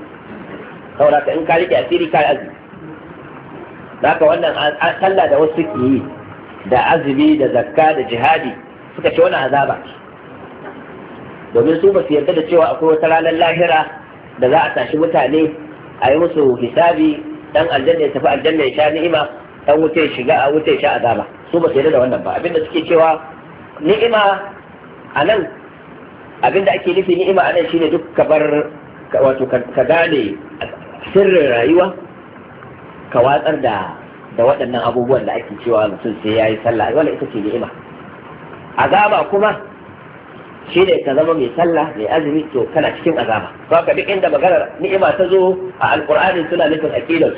saboda in ka rike asiri ka azumi haka wannan sallah da wasu ke yi da azumi da zakka da jihadi suka ce wani azaba domin su ba su yarda da cewa akwai wata ranar lahira da za a tashi mutane a yi musu hisabi dan aljanna ya tafi aljanna ya sha ni'ima dan wuce shiga a wuce sha azaba su ba su yarda da wannan ba abinda suke cewa ni'ima a nan abinda ake nufi ni'ima a nan shine duk ka bar wato ka gane sirrin rayuwa ka watsar da da waɗannan abubuwan da ake cewa mutum sai ya yi sallah wala ita ce ni'ima azaba kuma shi ne ka zama mai sallah mai azumi to kana cikin azaba to ka duk inda maganar ni'ima ta zo a alqur'ani suna nufin aqidar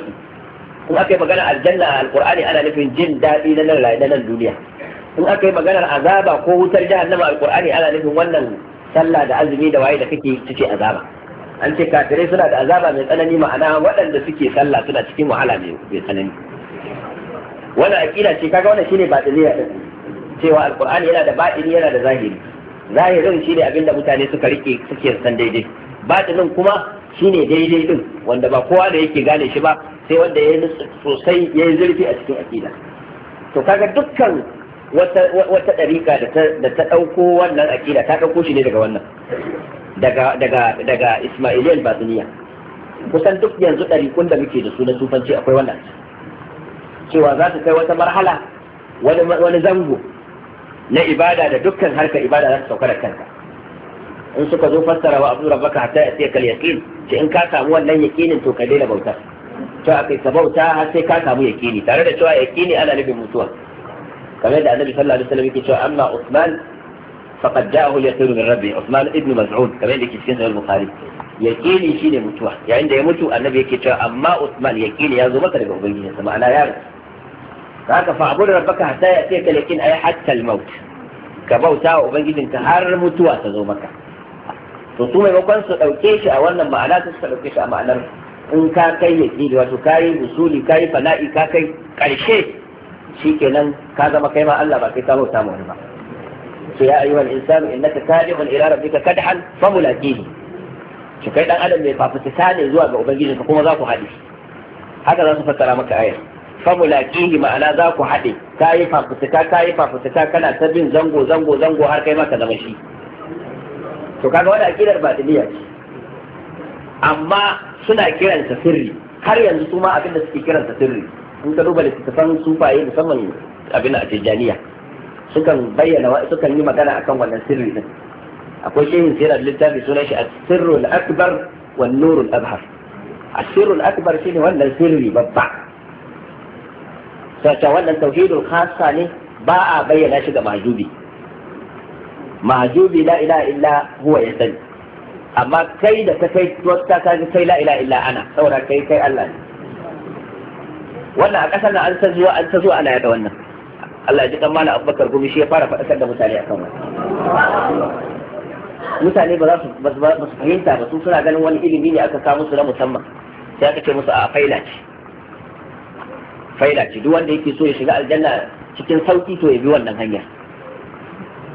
kuma aka yi magana aljanna a alqur'ani ana nufin jin daɗi na nan na nan duniya in aka yi maganar azaba ko wutar jahannama alkur'ani ana nufin wannan sallah da azumi da waye da kake cike azaba an ce kafirai suna da azaba mai tsanani ma'ana waɗanda suke sallah suna cikin wahala mai tsanani wannan aqida ce kaga wannan shine batiniya ta. cewa Al'ƙur'ani yana da batini yana da zahiri zahirin shine abinda mutane suka rike suke san daidai batinin kuma shine daidai din wanda ba kowa da yake gane shi ba sai wanda ya yi sosai ya yi zurfi a cikin aqida to kaga dukkan wata ɗariƙa da ta ɗauko wannan aƙida ta ɗauko shi ne daga wannan daga Ismailiyar Batsiniya kusan duk yanzu ɗariƙun da muke da su na tufanci akwai wannan cewa za su kai wata marhala wani zango na ibada da dukkan harkar ibada za su sauka da kanka in suka zo fassara wa abu rabbaka hatta ya sai kal yaqin ce in ka samu wannan yaqinin to ka daina bauta to akai ka bauta har sai ka samu yaqini tare da cewa yaqini ana nufin mutuwa kamar yadda annabi sallallahu alaihi wasallam yake cewa amma Usman faqad ja'ahu yasir min rabbi Usman ibn Mas'ud kamar yadda yake cikin sahih Bukhari yaqini shine mutuwa yayin da ya mutu annabi yake cewa amma Usman yaqini ya zo maka daga ubangijinsa ma'ana ya rasu haka fa'bud rabbaka hatta ya'tiyaka yaqin ay hatta al-maut ka bauta wa ubangijinka har mutuwa ta zo maka to su maimakon su ɗauke shi a wannan ma'ana su suka ɗauke shi a ma'anar in ka kai ya ƙi wato ka yi usuli ka yi fana'i ka kai ƙarshe shikenan ka zama kai ma Allah ba kai ka bauta mu ba sai ya ayyuhal insanu innaka kadihun ila rabbika kadhan fa mulaqihi shi kai dan adam mai fafutuka ne zuwa ga ubangiji ka kuma za ku haɗe haka za su fassara maka ayar fa mulaqihi ma'ana za ku haɗe ka yi fafutuka ka yi fafutuka kana ta bin zango zango zango har kai ma ka zama shi to kaga wani akidar batiniya ce amma suna kiransa sirri har yanzu su ma abinda suke kiransa sirri in ka duba littattafan sufaye musamman abin a tijjaniya sukan bayyana sukan yi magana akan wannan sirri din akwai shehin sirar littafi sunan shi asirrul akbar wa nurul abhar asirrul akbar shine wannan sirri babba sai wannan tauhidul khassa ne ba a bayyana shi ga majubi majubi la ilaha illa huwa ya sani amma kai da ka kai ta ka kai la ilaha illa ana saboda kai kai Allah ne wannan a ƙasar nan an ta zuwa an ta zuwa ana yada wannan Allah ji kan abubakar gumi shi ya fara faɗakar da mutane akan wannan mutane ba za su ba su fahimta ba su suna ganin wani ilimi ne aka samu su na musamman sai aka ce musu a faila ce faila ce duk wanda yake so ya shiga aljanna cikin sauki to ya bi wannan hanya.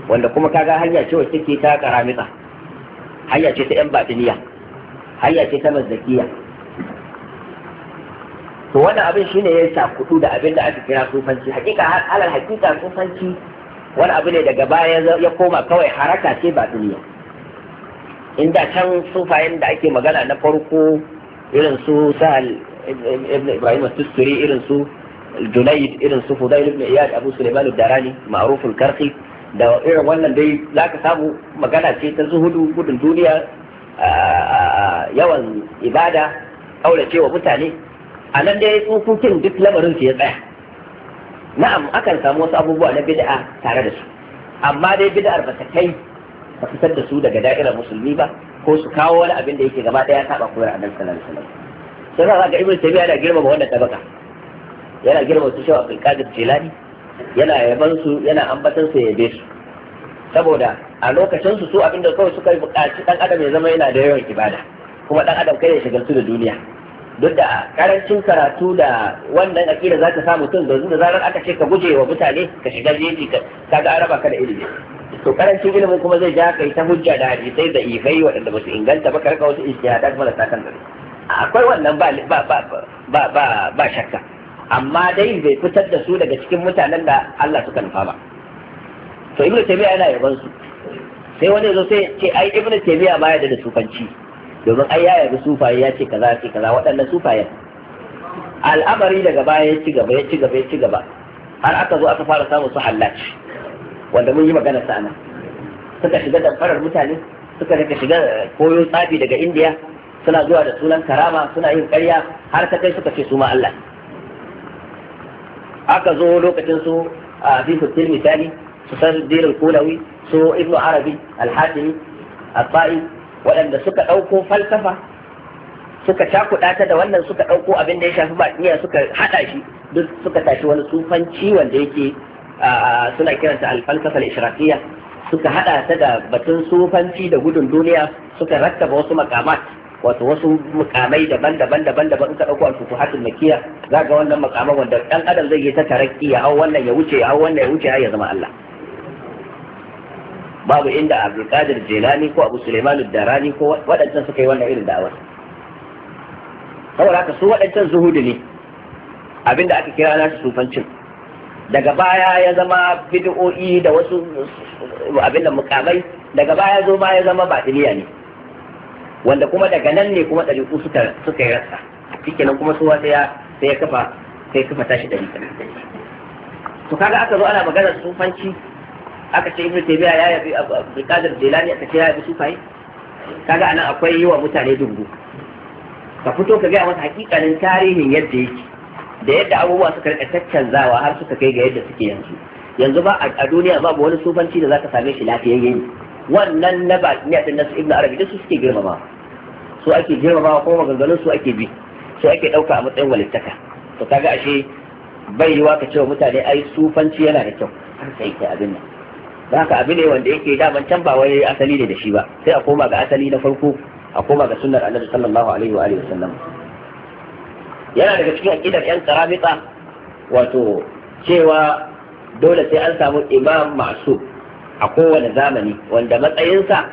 wanda kuma kaga hanya ce wacce take ta karamita hanya ce ta yan batiniya hanya ce ta mazdakiya to wannan abin shine ya sa kudu da abin da aka kira sufanci hakika alal hakika sufanci wani abu ne daga baya ya koma kawai haraka ce ba duniya inda can sufayen da ake magana na farko irin su sahal ibn ibrahim tusturi irin su junaid irin su fudail ibn iyad abu sulaiman darani al karqi da irin wannan dai zaka samu magana ce ta zuhudu gudun duniya yawan ibada aure cewa mutane a nan dai tsufukin duk lamarin su ya tsaya na'am akan samu wasu abubuwa na bida'a tare da su amma dai bida'ar ba ta kai ba fitar da su daga da'irar musulmi ba ko su kawo wani abin da yake gaba ɗaya saba koyar annabi sallallahu alaihi wasallam sai ga ibnu tabi'a da girmama wannan tabaka yana girmama su shawa qadir jilani yana yaban su yana ambatan su yabe su saboda a lokacin su su abinda kawai suka bukaci dan adam ya zama yana da yawan ibada kuma dan adam kai ya su da duniya duk da karancin karatu da wannan akida za ta samu tun da da zarar aka ce ka guje wa mutane ka shiga jeji ka ga araba ka da ilimi to karancin ilimin kuma zai ja kai ta hujja da hadisai da ifai waɗanda ba su inganta ba karka wasu ijtihadat ta kan gari akwai wannan ba ba ba ba ba shakka amma dai bai fitar da su daga cikin mutanen da Allah suka nufa ba to ibnu taymiya yana yaban su sai wani zo sai ce ai ibnu taymiya ba ya da sufanci domin ai ya yabi sufaye ya ce kaza ya ce kaza waɗannan sufaye al'amari daga baya ya ci gaba ya ci gaba ya ci gaba har aka zo aka fara samun su hallaci wanda mun yi magana sa nan suka shiga damfarar mutane suka daga shiga eh, koyo tsafi daga indiya suna zuwa da sunan karama suna yin karya har ta kai suka ce su ma Allah aka zo lokacin su a fi misali su san dirin kulawi su ibnu arabi al-hatimi al-fa'i waɗanda suka ɗauko falsafa suka cakuɗa ta da wannan suka ɗauko abin da ya shafi baɗiniya suka haɗa shi duk suka tashi wani tsufanci wanda yake suna kiranta alfalsafa ishraqiyya suka haɗa ta da batun tsufanci da gudun duniya suka rattaba wasu makamat wato wasu mukamai daban-daban daban-daban in ka ɗauko al-futuhatul makkiya za ga wannan makaman wanda ɗan adam zai yi ta tarakki ya hau wannan ya wuce ya hau wannan ya wuce ya zama Allah babu inda abu kadir jelani ko Abu Suleiman Darani ko waɗancan suka yi wannan irin da'awar saboda haka su waɗancan zuhudu ne abinda aka kira nasu sufancin daga baya ya zama bid'o'i da wasu abin da mukamai daga baya zo ma ya zama batiniya ne wanda kuma daga nan ne kuma ɗariƙu suka suka yi rasa shikenan kuma su wata ya sai ya kafa sai kafa tashi ɗariƙa to kaga aka zo ana maganar sufanci aka ce ibnu taymiya ya yabi abu kadir jilani aka ce ya yabi sufai kaga anan akwai yi wa mutane dungu ka fito ka gaya masa hakikanin tarihin yadda yake da yadda abubuwa suka rika caccanzawa har suka kai ga yadda suke yanzu yanzu ba a duniya ba wani sufanci da zaka same shi lafiyayye ne wannan na ba ne din su ibnu arabi da su suke girmama su ake girmama ko maganganun su ake bi su ake dauka a matsayin walittaka to kaga ashe bai yiwa ka cewa mutane ai sufanci yana da kyau har sai ka abin nan da haka abu ne wanda yake daman can ba wai asali ne da shi ba sai a koma ga asali na farko a koma ga sunnar annabi sallallahu alaihi wa alihi wasallam yana daga cikin aqidar yan karabita wato cewa dole sai an samu imam masu a kowane zamani wanda matsayinsa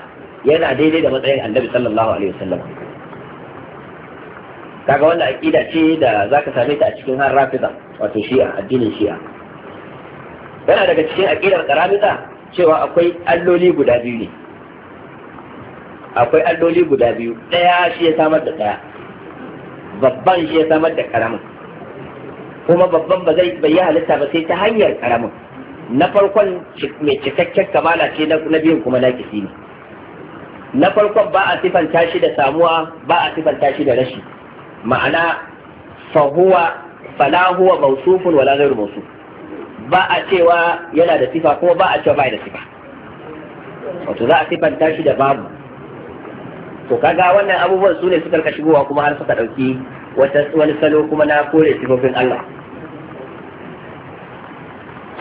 yana daidai da matsayin annabi sallallahu alaihi wasallam kaga wannan aqida ce da zaka same ta a cikin har rafida wato shi'a addinin shi'a yana daga cikin aqidar karamita cewa akwai alloli guda biyu ne akwai alloli guda biyu ɗaya shi ya samar da ɗaya babban shi ya samar da ƙaramin kuma babban ba zai yi halitta ba sai ta hanyar ƙaramin na farkon mai cikakken kamala ce na biyun kuma na kisi ne na farkon ba a sifanta shi da samuwa ba a sifanta shi da rashi ma'ana fahuwa falahuwa huwa mawsufun wala ghairu mawsuf ba a cewa yana da sifa kuma ba a cewa bai da sifa wato za a sifanta shi da babu to kaga wannan abubuwan su ne suka shigowa kuma har suka ɗauki wani salo kuma na kore sifofin Allah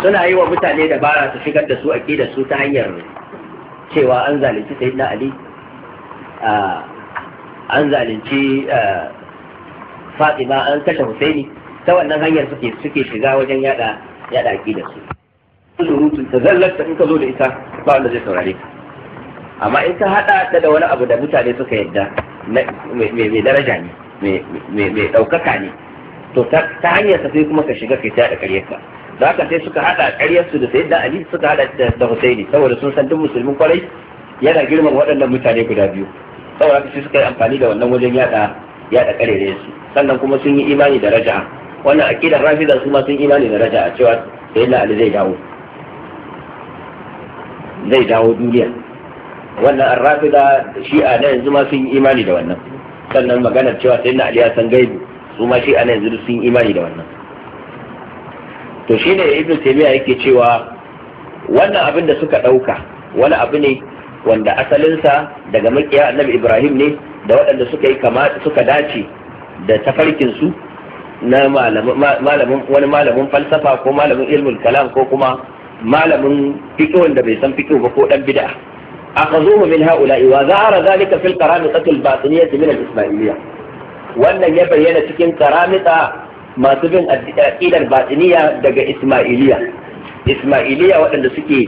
suna yi wa mutane dabara su shigar da su a su ta hanyar cewa an zalunci sai na Ali an zalunci Fatima an kashe Husaini ta wannan hanyar suke suke shiga wajen yada yada da su surutun ta zallarta in ka zo da ita ba wanda zai saurare ka amma in ka haɗa ta da wani abu da mutane suka yadda mai daraja ne mai ɗaukaka ne to ta hanyar ta sai kuma ka shiga kai ta da karyarka za ka sai suka haɗa karyarsu su da sayyidina ali suka haɗa da husaini saboda sun san duk musulmin kwarai yana girmama waɗannan mutane guda biyu saboda sai suka yi amfani da wannan wajen yaɗa yada su sannan kuma sun yi imani da raja'a wannan aqidar rafida su ma sun imani da raja'a cewa sayyidina ali zai dawo zai dawo duniya wannan arrafida shi'a na yanzu ma sun imani da wannan sannan maganar cewa sayyidina ali ya san gaibu su ma shi'a na yanzu sun imani da wannan to shi ne ibn taymiya yake cewa wannan abin da suka dauka wani abu ne wanda asalinsa daga makiya annabi ibrahim ne da waɗanda suka yi kama suka dace da tafarkinsu na malamin wani malamin falsafa ko malamin ilmul kalam ko kuma malamin fiqh wanda bai san fiqh ba ko dan bid'a akhazuhu min ha'ula'i wa zahara zalika fil qaramita al batiniyyah min al ismailiyya wannan ya bayyana cikin qaramita masu bin aqidar batiniya daga ismailiyya ismailiyya waɗanda suke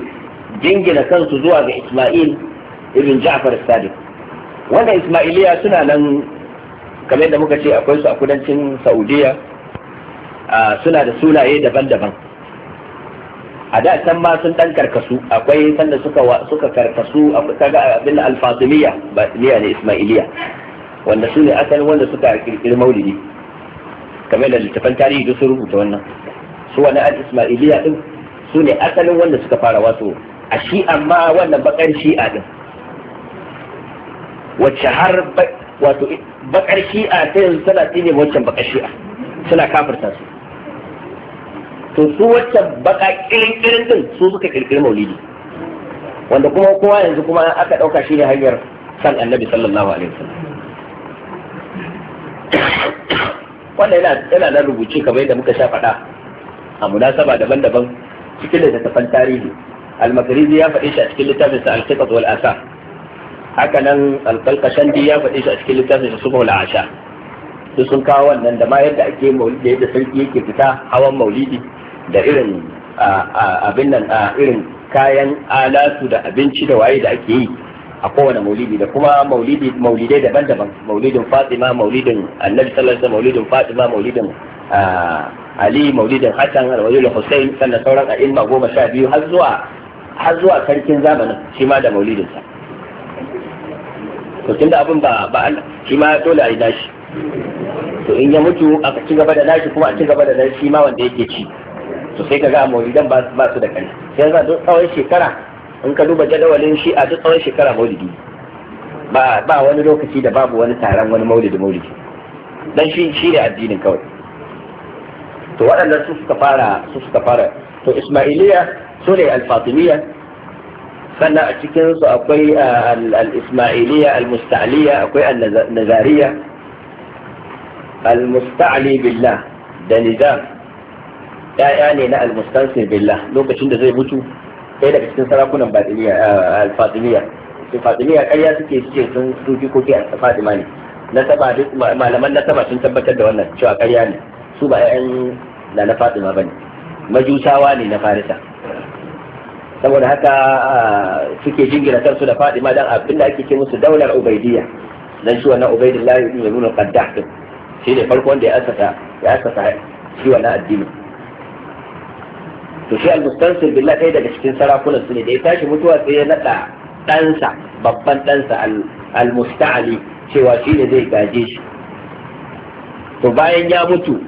jingina kansu zuwa ga ismail ibn ja'far sadiq wannan ismailiyya suna nan kamar yadda muka ce akwai su a kudancin saudiya suna da sulaye daban-daban a da can ma sun dan karkasu akwai sanda suka suka karkasu kaga abin ba batiniya ne ismailiya wanda su ne asalin wanda suka kirkiri maulidi kamar da littafan tarihi duk sun rubuta wannan su wani al ismailiya din su ne asalin wanda suka fara wato a shi amma wannan bakar shi'a din wacce har wato bakar shi'a ta yanzu tana ne wancan bakar shi'a suna kafirta su to su waccan baka kirin din su suka kirkiri maulidi wanda kuma kowa yanzu kuma aka dauka shi ne hanyar san annabi sallallahu alaihi wasallam wanda yana yana nan rubuci kamar yadda muka sha faɗa a munasaba daban-daban cikin littattafan tarihi al-makarizi ya faɗi shi a cikin littafinsa al-siqat wal asar haka nan alkalkashandi ya faɗi shi a cikin littafin da suka asha su sun kawo wannan da ma yadda ake maulidi yadda sarki yake fita hawan maulidi da irin abin nan a irin kayan alatu da abinci da waye da ake yi a kowane maulidi da kuma maulidi maulidai daban-daban maulidin fatima maulidin annabi sallallahu maulidin fatima maulidin ali maulidin hasan alwajul hussein sannan sauran a'imma goma sha biyu har zuwa har zuwa sarkin zamanin shi ma da maulidinsa to da abin ba ba Allah shi ma dole a yi nashi to in ya mutu aka ci gaba da nashi kuma a ci gaba da nashi shi ma wanda yake ci to sai ka ga maulidan ba su da kai sai yasa duk tsawon shekara in ka duba jadawalin shi a duk tsawon shekara maulidi ba ba wani lokaci da babu wani taron wani maulidi maulidi dan shi shi ne addinin kawai to waɗannan su suka fara su suka fara to ismailiya su ne alfatimiyya sannan a cikinsu akwai al-ismailiyya al mustaaliyya akwai al-nazariya al-musta'li billah da nizam ya'ya ne na al-mustansir billah lokacin da zai mutu ɗaya daga cikin sarakunan badiliya al-fadiliya su fadiliya ƙarya suke suke sun suki koke a fadima ne nasaba duk malaman nasaba sun tabbatar da wannan cewa ƙarya ne su ba 'ya'yan na na fatima ne. majusawa ne na farisa saboda haka ah, suke jingina kansu da ma dan abinda ake ce musu daular Ubaidiyya dan shi wannan Ubaidillah ibn Yazun al-Qaddah din shi ne farko wanda ya asasa ya asasa shi wannan addini to shi al-mustansir billahi kai daga cikin sarakunan su ne da ya tashi mutuwa sai ya nada ɗansa babban ɗansa al-musta'ali cewa shi ne zai gaje shi to bayan ya mutu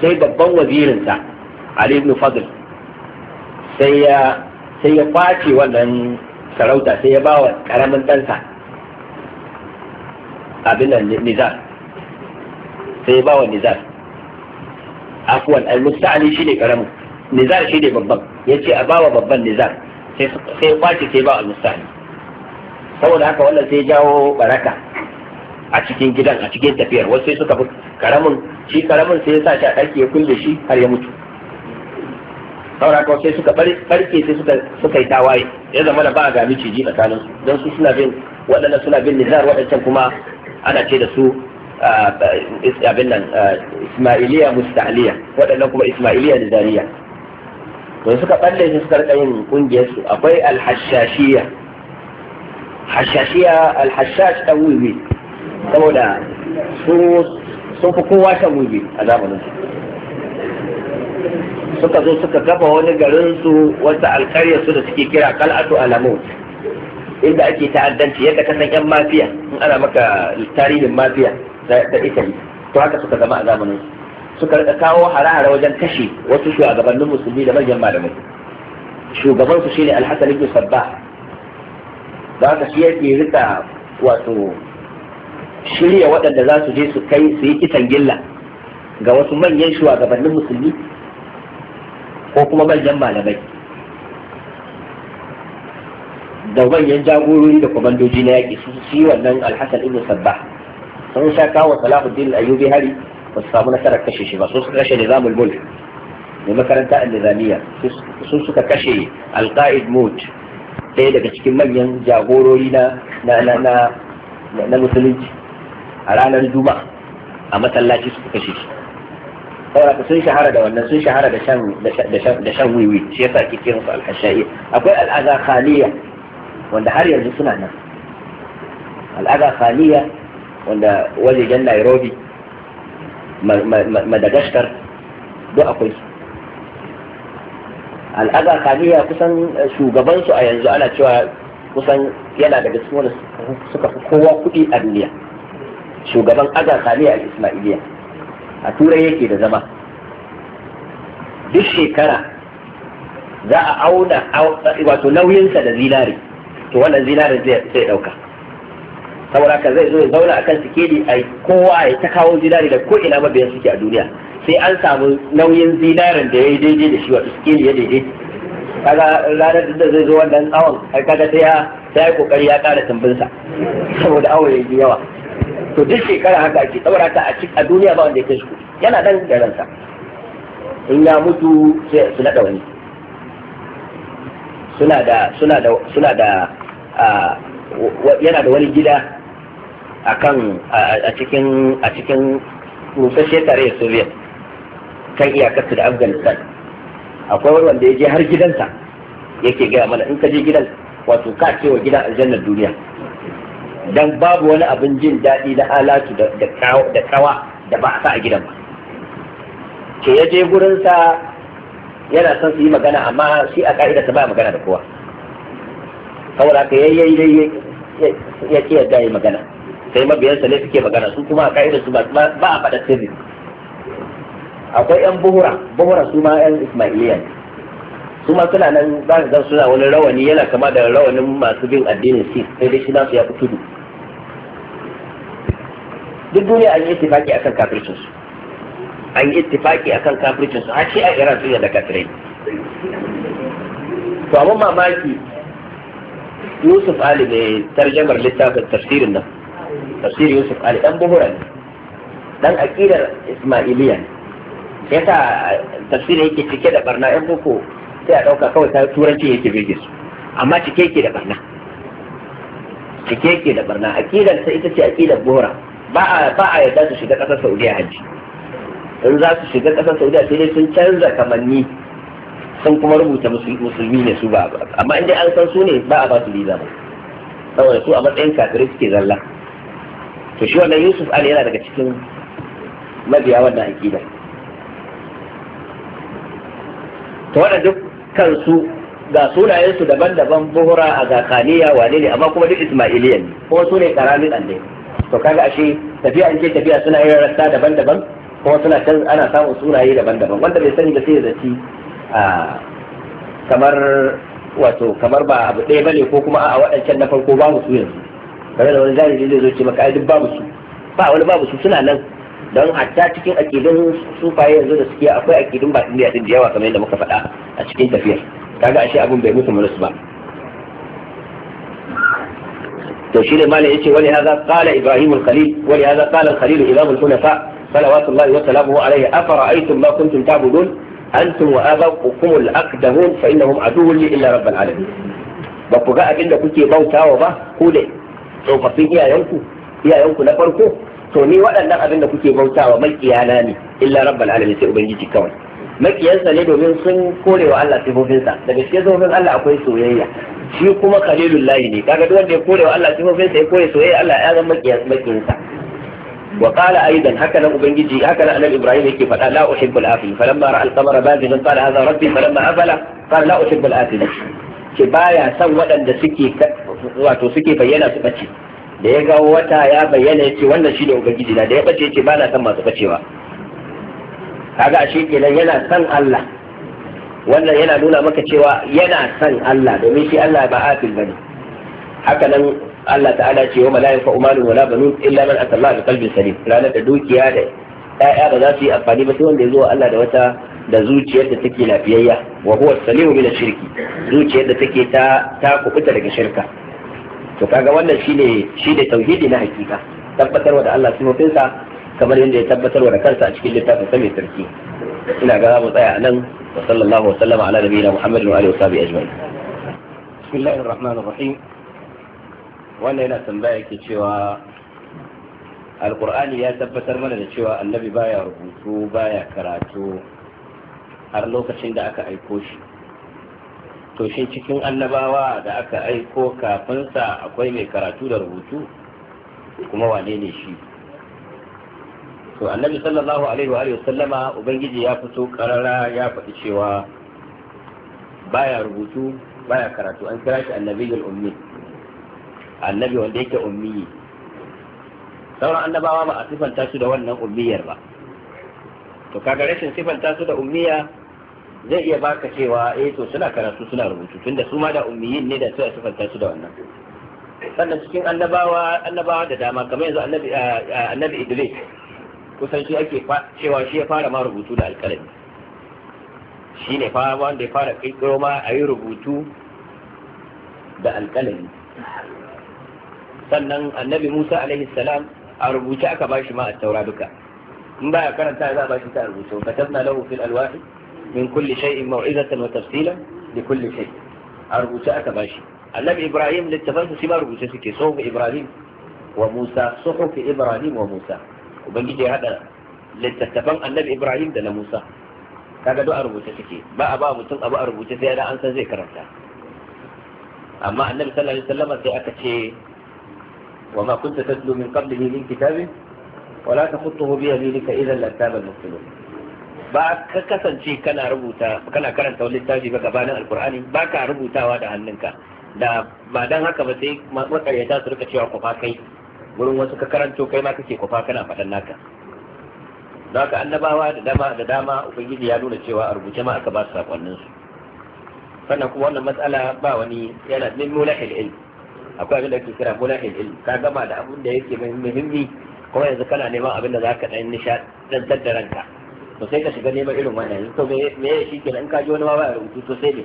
sai babban wazirinsa Ali ibn Fadl sai ya sai ya kwace wannan sarauta sai ya bawa karamin ɗansa abin nan nizar sai ya bawa nizar afuwan al-musta'ali ne karamin nizar shi ne babban ya ce a bawa babban nizar sai ya kwace sai bawa al-musta'ali saboda haka wannan sai ya jawo baraka a cikin gidan a cikin tafiyar wasu sai suka fi karamin shi karamin sai ya sa shi a ɗaki ya kulle shi har ya mutu saura kawai sai suka barke sai suka suka yi tawaye ya zama da ba a gami ciji tsakanin su don su suna bin waɗanda suna bin nizar waɗancan kuma ana ce da su abin nan ismailiya musta'aliya waɗannan kuma ismailiya nizariya to suka balle sai suka rika yin kungiyar su akwai alhashashiya hashashiya alhashash dan wiwi saboda su sun fi kowa shan wiwi a zamanin su suka zo suka kafa wani garin su wata alƙaryar su da suke kira kal'atu alamu inda ake ta'addanci yadda ka san yan mafiya in ana maka tarihin mafiya da italy to haka suka zama a zamanin suka rika kawo hare-hare wajen kashe wasu shugabannin musulmi da manyan malamai shugaban su shine alhassan ibn sabba da haka shi yake rika wato shirya waɗanda za su je su kai su yi kitan gilla ga wasu manyan shugabannin musulmi ko kuma manyan malamai da manyan jagorori da kwamandoji na yaƙi su shi wannan alhassan ibn sabba sun sha kawo salahuddin ayyubi hari ba su samu nasarar kashe shi ba su suka kashe nizamul mulk mai makaranta a nizamiya su suka kashe alqaid mut ɗaya daga cikin manyan jagorori na na na na na musulunci a ranar juma a masallaci suka kashe shi saboda sun shahara da wannan sun shahara da shan da shan wiwi shi yasa ake kiran su alhashaiya akwai al'aza khaliya wanda har yanzu suna nan al'aza khaliya wanda wajejen Nairobi Madagascar duk akwai su al'aza khaliya kusan shugaban su a yanzu ana cewa kusan yana daga cikin wanda suka fi kowa kuɗi a duniya shugaban aga khaliya a isma'iliya. a turai yake da zama duk shekara za a auna wato nauyinsa da zinari to wannan zinarin zai dauka saboda ka zai zo ya zauna akan kan sikeli a kowa ya ta kawo zinari da ko ina mabiyan suke a duniya sai an samu nauyin zinarin da ya yi daidai da shi wato sikeli ya daidai kaga ranar da zai zo wannan tsawon kaga sai ya yi kokari ya kara tambinsa saboda awo ya yawa to duk shekara haka ake daura ta a duniya ba wanda ya kai shi yana dan da ransa in ya mutu sai su nada wani suna da suna da suna da yana da wani gida akan a cikin a cikin rusasshiyar tarayyar soviet kan iyakarsu da afghanistan akwai wani wanda ya je har gidansa yake gaya mana in ka je gidan wato ka ce wa gidan aljannar duniya dan babu wani abin jin daɗi na alatu da kawa da ba a sa a gidan ba ke ya je gurinsa yana son su yi magana amma shi a ka'ida ta ba magana da kowa saboda haka yayi yayi ya ce yadda yi magana sai mabiyansa ne suke magana su kuma a ka'ida su ba a faɗa sirri akwai yan buhura buhura su ma yan ismailiya ne su ma suna nan za su suna wani rawani yana kama da rawanin masu bin addinin sikh sai dai shi nasu ya fi tudu duk duniya an yi ittifaki akan kafircin su an yi ittifaki akan kafircin su har sai a Iran sun yadda kafirai to abin mamaki Yusuf Ali mai tarjamar littafin tafsirin nan tafsir Yusuf Ali dan buhura ne dan aqidar Ismailiya ne yasa tafsiri yake cike da barna yan boko sai a dauka kawai ta turanci yake bege su amma cike yake da barna cike yake da barna aqidar sai ita ce aqidar buhura ba a ba a yarda su shiga ƙasar saudiya hajji in za su shiga ƙasar saudiya sai dai sun canza kamanni sun kuma rubuta musulmi ne su ba amma in dai an san su ne ba a ba su biza ba saboda su a matsayin kafirai suke zalla to shi wannan yusuf ali yana daga cikin mabiya wannan aƙida to wannan dukkan su ga sunayensu daban-daban buhura a zakaniya wane ne amma kuma duk ismailiyan ne kuma su ne karamin allai to kaga ashe tafiya in ce tafiya suna yin rasta daban-daban kuma suna can ana samun sunaye daban-daban wanda bai sani ba sai ya zaci kamar wato kamar ba abu ɗaya bane ko kuma a waɗancan na farko babu su yanzu kamar da wani jarumi zai zo ce maka duk babu su ba wani babu su suna nan don hatta cikin akidun sufaye yanzu da suke akwai akidun ba ɗin da yawa kamar yadda muka faɗa a cikin tafiyar kaga ashe abin bai mutu mulus ba to shi ne malai yace wali hadha qala ibrahim al-khalil wali hadha qala al-khalil imam al-khulafa salawatu allahi wa salamuhu alayhi afara'aytum ma kuntum ta'budun antum wa abaqukum al-aqdamun fa innahum aduwwun li illa rabbil alamin ba ku ga abin da kuke bautawa ba ku da tsofaffin iyayenku iyayenku na farko to ni waɗannan abin da kuke bautawa mai iyana ne illa rabbal alamin sai ubangiji kawai makiyansa ne domin sun kore wa Allah sifofinsa daga cikin sifofin Allah akwai soyayya shi kuma khalilullahi ne kaga duk wanda ya kore wa Allah sifofinsa ya kore soyayya Allah ya zama makiyinsa wa qala aidan haka nan ubangiji haka nan annabi ibrahim yake faɗa la uhibbul afil falamma ra'a al-qamara fara qala hadha rabbi falamma afala qala la uhibbul afil ce baya son waɗanda suke wato suke bayyana su bace da ya ga wata ya bayyana ya ce wannan shi ne ubangiji na da ya bace ya ce ba na son masu bacewa kaga ashe kenan yana san Allah wannan yana nuna maka cewa yana san Allah domin shi Allah ba afil bane haka nan Allah ta'ala ce wa malaika umalu wala banun illa man atalla bi qalbin salim ranar da dukiya da yaya ba za su yi amfani ba sai wanda ya zo Allah da wata da zuciyar da take lafiyayya wa huwa salimu min shirki zuciyar da take ta ta kubuta daga shirka to kaga wannan shine da tauhidi na hakika tabbatarwa da Allah sifofinsa kamar yadda ya tabbatar wa da kansa a cikin littafin sa mai sarki ina ga za mu tsaya a nan wa sallallahu wa sallama ala nabiyina muhammadin wa alihi wa sahbihi ajma'in bismillahir rahmanir rahim wannan yana tambaya yake cewa alqur'ani ya tabbatar mana da cewa annabi baya rubutu baya karatu har lokacin da aka aiko shi to shi cikin annabawa da aka aiko kafinsa akwai mai karatu da rubutu kuma wane ne shi to annabi sallallahu alaihi wa alihi sallama ubangiji ya fito karara ya faɗi cewa baya rubutu baya karatu an kira shi annabiyul ummi annabi wanda yake ummi sauran annabawa ba a sifanta su da wannan ummiyar ba to kaga rashin sifanta su da ummiya zai iya baka cewa eh to suna karatu suna rubutu tunda su ma da ummiyin ne da suka sifanta su da wannan sannan cikin annabawa annabawa da dama kamar yanzu annabi eh, eh, annabi Idris kusan shi ake cewa shi ya fara ma rubutu da alƙalami shi ne fara wanda ya fara ƙirƙiro ma a yi rubutu da alƙalami sannan annabi musa alaihi salam a rubuce aka bashi ma a taura duka in baya karanta za a bashi ta rubuce ka tabna lahu fil alwahi min kulli shay'in mau'izatan wa tafsilan li kulli shay a rubuce aka bashi annabi ibrahim littafansa shi ma rubuce suke sohu ibrahim wa musa suhuf ibrahim wa musa ubangiji ya hada littattafan annabi ibrahim da na musa kaga duk a rubuce take ba a ba mutum abu a rubuce sai an san zai karanta amma annabi sallallahu alaihi wasallam sai aka ce wa ma kunta tatlu min qablihi min kitabi wa la taqutuhu bi yaminika la lataba al muslim ba ka kasance kana rubuta kana karanta wani littafi ba gabanin alqur'ani ba ka rubutawa da hannunka da ba dan haka ba sai makaryata su rika cewa ku fa kai gurin wasu ka karanto kai ma kake kwafa kana faɗan naka don haka annabawa da dama da dama ubangiji ya nuna cewa a rubuce ma aka ba su sakonnin su sannan kuma wannan matsala ba wani yana min mulahil ilm akwai abin da ake kira mulahil ilm ka gama da abin da yake muhimmi kuma yanzu kana neman abin da zaka dan nishadantar da ranka to sai ka shiga neman irin wannan to me ya shi kenan in ka ji wani ma ba rubutu to sai ne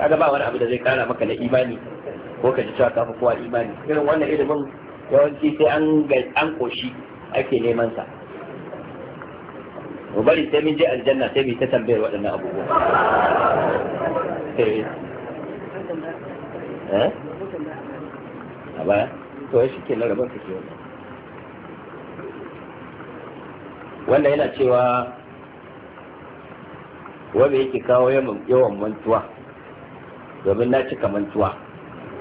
kaga ba wani abu da zai kara maka na imani ko ka ji cewa ka fi kowa imani irin wannan ilimin yawanci sai an an koshi ake neman sa mu bari sai mun je aljanna sai mu ta tambayar waɗannan abubuwa eh, eh? aba to shi ke na rabar take wannan wanda yana cewa wanda yake kawo yawan mantuwa domin na cika mantuwa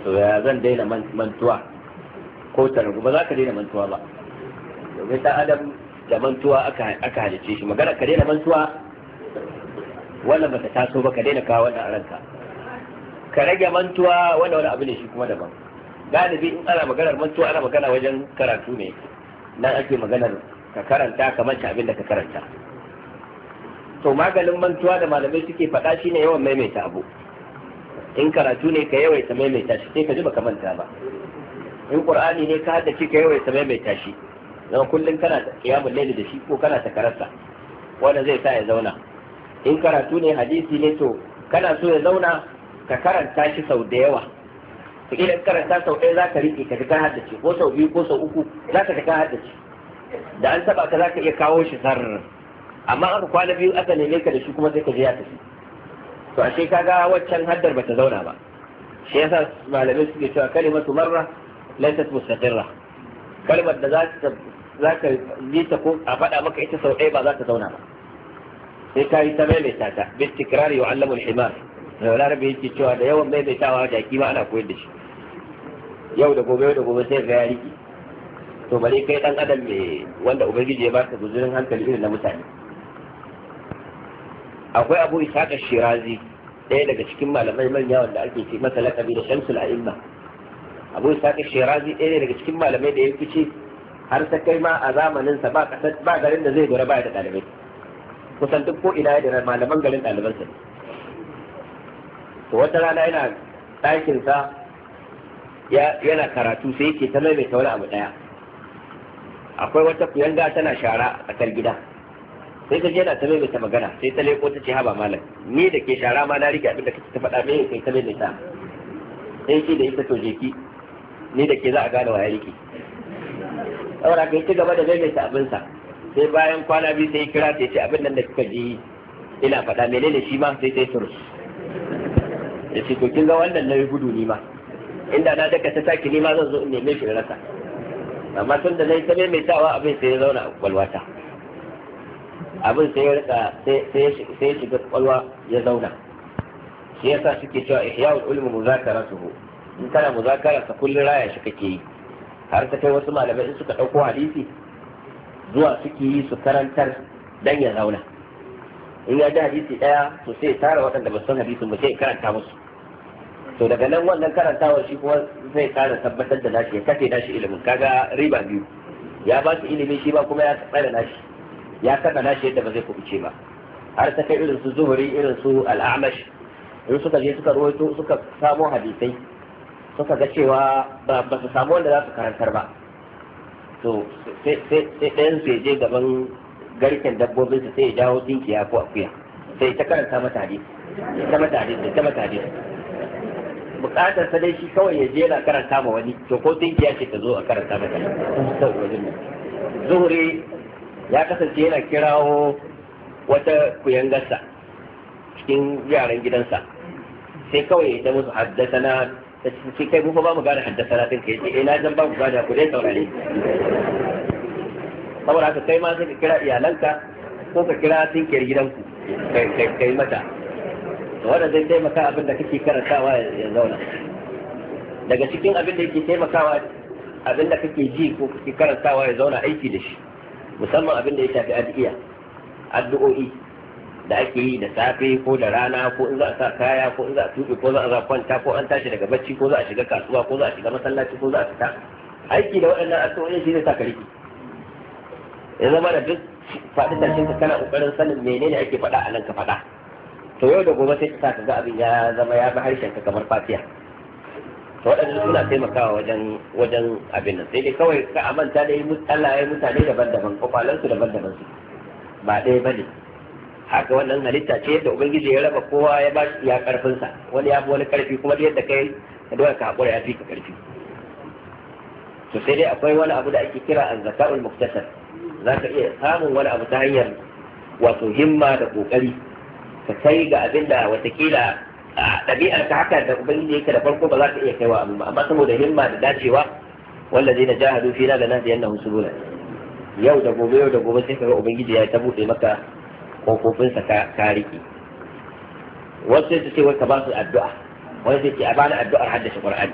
to ya zan daina mantuwa ko ta ragu ba za ka daina mantuwa ba domin ɗan adam da mantuwa aka halice shi magana ka daina mantuwa wannan ba ta taso ba ka daina kawo wannan a ranka ka rage mantuwa wannan wani abu ne shi kuma daban galibi in ana maganar mantuwa ana magana wajen karatu ne nan ake maganar ka karanta ka manta abin da ka karanta to maganin mantuwa da malamai suke faɗa shine yawan maimaita abu in karatu ne ka yawaita maimaita shi sai ka ji baka manta ba in qur'ani ne ka haddace ka sai mai tashi. zama kullum kana qiyamul layli da shi ko kana takararsa wanda zai sa ya zauna in karatu ne hadisi ne to kana so ya zauna ka karanta shi sau da yawa idan karanta sau ɗaya zaka rike ka hada haddace ko sau biyu ko sau uku zaka ka haddace da an taba ka zaka iya kawo shi sarrar amma aka kwana biyu aka neme ka da shi kuma sai ka je ya tafi to ashe kaga waccan haddar bata zauna ba shi yasa malamai suke cewa kalimatu marra laysat mustaqirra kalmar da za ka yi ta ko a faɗa maka ita sau ɗaya ba za ta zauna ba sai ka yi ta maimaita ta bin tikrari wa allamul himar da larabe yake cewa da yawan maimaitawa jaki ma ana koyar da shi yau da gobe yau da gobe sai ga ya to bare kai dan adam ne wanda ubangiji ya baka guzurin hankali irin na mutane akwai abu ishaq shirazi ɗaya daga cikin malamai manya wanda ake ce masa lakabi da shamsul a'imma abu isa shirazi ɗaya ne daga cikin malamai da ya fice har ta kai ma a zamanin sa ba ba garin da zai gura baya da ɗalibai kusan duk ko ina da malaman garin ɗaliban sa to wata rana yana ɗakin sa yana karatu sai yake ta maimaita wani abu ɗaya akwai wata kuyanga tana shara a tsakar gida sai ta je yana ta maimaita magana sai ta leko ta ce haba malam ni da ke shara ma na rike abinda ka ta faɗa me kai ta maimaita sai ce da ita to je ki ni da ke za a gane waye ya saboda kai ci gaba da daidaita abinsa sai bayan kwana biyu sai kira sai ce abin nan da kuka ji ina faɗa menene shi ma sai sai turu da ce to kin ga wannan na gudu ni ma inda na daka ta taki ni ma zan zo in neme shi rasa amma tun da nayi ta maimaitawa abin sai ya zauna a kwalwata abin sai ya rika sai ya shiga kwalwa ya zauna shi yasa suke cewa ihya'ul ilmi muzakaratuhu in kana muzakara ka kullun raya shi kake yi har ta kai wasu malamai in suka ɗauko hadisi zuwa suke yi su karantar dan ya zauna in ya ji hadisi ɗaya to sai ya tara waɗanda ba san hadisin ba sai ya karanta musu to daga nan wannan karantawa shi kuma zai tsara tabbatar da nashi ya kafe nashi ilimin kaga riba biyu ya ba su ilimin shi ba kuma ya tsara nashi ya kafa nashi yadda ba zai kubuce ba har ta kai irin su zuhuri irin su al'amash in suka je suka ruwaito suka samo hadisai suka ga cewa ba su samu wanda za su karantar ba to sai ɗayan su je gaban garken dabbobin su sai ya jawo dinkiya ko akuya sai ta karanta mata ta mata hadisi ta mata bukatar sa dai shi kawai ya je yana karanta ma wani to ko dinkiya ce ta zo a karanta mata sau wajen nan zuhuri ya kasance yana kirawo wata kuyangarsa cikin yaran gidansa sai kawai ya ta musu haddasa na ta ce kai mu ba mu gane haddasa na tinka yace eh na jan ba mu gane ku dai saurare saboda haka kai ma sai ka kira iyalanka ko ka kira tinkiyar gidanku kai mata wanda zai taimaka abin da kake karantawa ya zauna daga cikin abin da yake taimakawa abin da kake ji ko kake karantawa ya zauna aiki da shi musamman abin da ya shafi addu'a addu'o'i da ake yi da safe ko da rana ko in za a sa kaya ko in za a tuɓe ko za a kwanta ko an tashi daga bacci ko za a shiga kasuwa ko za a shiga masallaci ko za a fita aiki da waɗannan addu'o'in shi ne sa ka ya zama da duk faɗi tashin ka kana ƙoƙarin sanin menene ake faɗa a nan ka faɗa to yau da gobe sai ka sa ka ga abin ya zama ya bi harshen ka kamar fatiya to waɗannan suna taimakawa wajen wajen abin nan sai dai kawai ka amanta dai Allah ya mutane daban-daban kwakwalansu daban-daban su ba ɗaya ba ne haka wannan halitta ce yadda ubangiji ya raba kowa ya ba shi ya karfinsa wani ya fi wani karfi kuma da yadda kai dole ka hakura ya fi ka karfi to sai dai akwai wani abu da ake kira azzaka'ul muktasar za ka iya samun wani abu ta hanyar wato himma da kokari ka kai ga abin da watakila ɗabi'ar ka haka da ubangiji yake da farko ba za ka iya kaiwa amma amma saboda himma da dacewa wanda zai na jahadu fina da subulana yau da gobe yau da gobe sai ka ga ubangiji ya ta buɗe maka kofofinsa ka riƙe wasu sai su ce wai ka ba su addu'a wani sai ce a bani addu'ar haddace qur'ani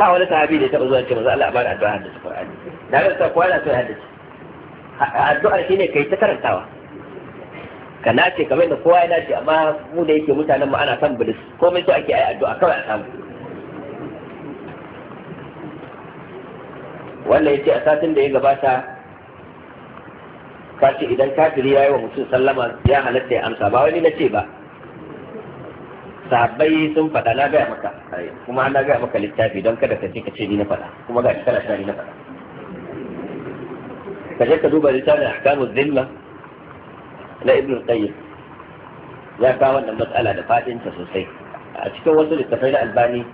ba wani sahabi da ya taɓa zuwa ce manzo Allah a bani addu'ar haddace qur'ani da ga ta kwana sai haddace addu'ar shine kai ta karantawa ka nace kamar yadda kowa ya nace amma mu da yake mutanen mu ana son bilis komai so ake ayi addu'a kawai a samu wannan yace a satin da ya gabata ka ce idan kafiri ya yi wa mutum sallama ya halatta ya amsa ba wani na ce ba sahabbai sun faɗa na gaya maka kuma na gaya maka littafi don kada ka ce ka ce ni na faɗa kuma ga shi kana ni na faɗa ka je ka duba littafin ahkamu zilla na ibn qayyim ya kawo wannan matsala da fadin ta sosai a cikin wasu littafai na albani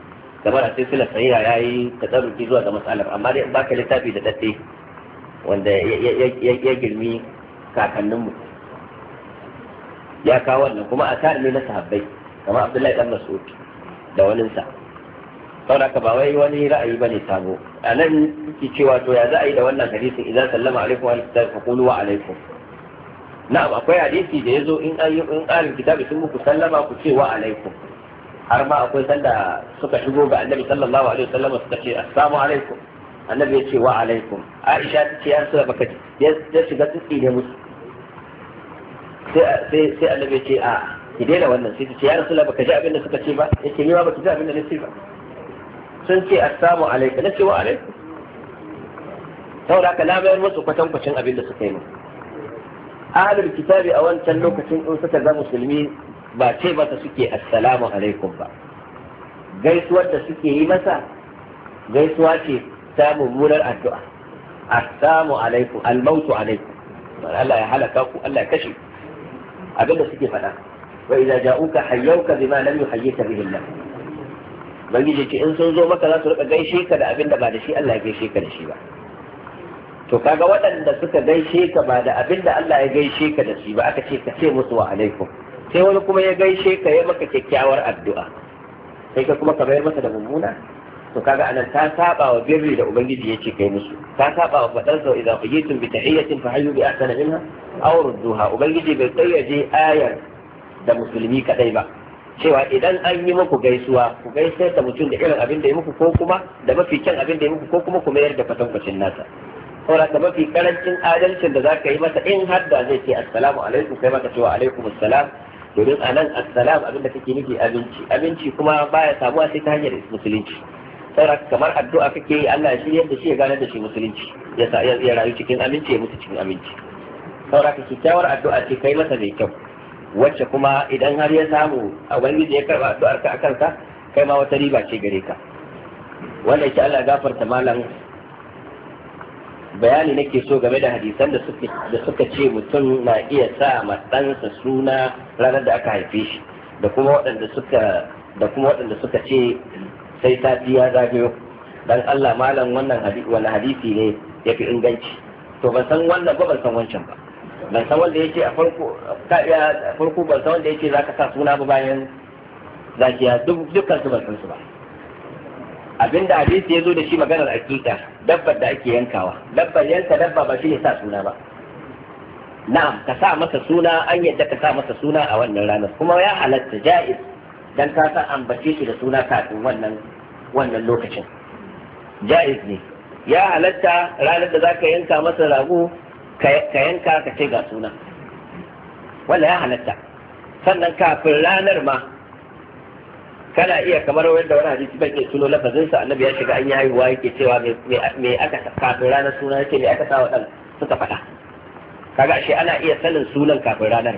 kamar a silsilar sahiha yayi tasarrufi zuwa ga matsalar amma dai in baka littafi da datte wanda ya girmi kakanninmu ya kawo wannan kuma a ne na sahabbai kama abdullahi dan mas'ud da waninsa saboda ba wai wani ra'ayi bane sabo a nan yake cewa to ya za a yi da wannan hadisin idan sallama alaikum wa alaikum fa qulu wa alaikum na'am akwai hadisi da yazo in an yi in alin kitabi sun muku sallama ku ce wa alaikum har ma akwai sanda suka shigo ga annabi sallallahu alaihi wasallam suka ce assalamu alaikum annabi ya ce wa alaikum aisha ta ce ya baka ya shiga tsitsi ne musu sai sai annabi ce a ki daina wannan sai ce ya rasulullah baka ji abin da suka ce ba yace ni ma baka ji abin da nace ba sun ce assalamu alayka nace wa alaykum saboda haka na bayar musu kwatankwacin abin da suka yi min ahlul kitabi a wancan lokacin in suka ga musulmi ba ce ba ta suke assalamu alaikum ba gaisuwar da suke yi masa gaisuwa ce ta mummunar addu'a assalamu alaikum almautu alaikum Allah ya halaka ku Allah ya kashe ku abin da suke faɗa wa idza ja'uka hayyuka bima lam yuhayyika bihi Allah ubangiji ce in sun zo maka za su rika gaishe ka da abin da ba da shi Allah ya gaishe ka da shi ba to kaga waɗanda suka gaishe ka ba da abin da Allah ya gaishe ka da shi ba aka ce ka ce musu wa alaikum sai wani kuma ya gaishe ka ya maka kyakkyawar addu'a sai ka kuma ka bayar masa da mummuna to kaga anan ta saba wa birri da ubangiji yace kai musu ta saba wa fadan sa idan fajitum bi tahiyyatin fa hayyu bi ahsana minha aw rudduha ubangiji bai kayyaje ayar da musulmi kadai ba cewa idan an yi muku gaisuwa ku gaisar da mutum da irin abin da ya muku ko kuma da mafi kyan abin da ya muku ko kuma ku mayar da kwatankwacin nasa saboda ka mafi karancin adalcin da za ka yi masa in har da zai ce assalamu alaikum kai maka cewa alaikum assalam domin a nan assalam abin da kake nufi abinci abinci kuma baya samuwa sai ta hanyar musulunci Saura kamar addu'a kake yi Allah shi yadda shi ya gane da shi musulunci ya sa ya rayu cikin aminci ya mutu cikin aminci Saura ka kyakkyawar addu'a ce kai masa mai kyau wacce kuma idan har ya samu da ya karba addu'ar ka akan ka kai ma wata riba ce gare ka wanda ke Allah gafarta malam bayani nake so game da hadisan da suka ce mutum na iya sa matsansa suna ranar da aka haife shi da kuma da kuma waɗanda suka ce sai sati ya zagayo dan Allah malam wannan hadisi wani hadisi ne yafi inganci to ban san wannan ba ban san wancan ba ban san wanda yake a farko ka iya farko ban san wanda yake zaka sa suna ba bayan zakiya dukkan su ban san su ba abinda hadisi ya zo da shi maganar akida dabbar da ake yankawa dabbar yanka dabba ba shi ne sa suna ba na'am ka sa masa suna an yadda ka sa masa suna a wannan ranar kuma ya halatta ja'iz dan ka san ambace shi da suna kafin wannan wannan lokacin ja'iz ne ya halatta ranar da za ka yanka masa rago ka yanka ka ce ga suna wanda ya halatta sannan kafin ranar ma kana iya kamar wanda wani hadisi bai ke tuno lafazinsa annabi ya shiga an yi haihuwa yake cewa me aka kafin ranar suna yake me aka sa dan suka faɗa kaga shi ana iya sanin sunan kafin ranar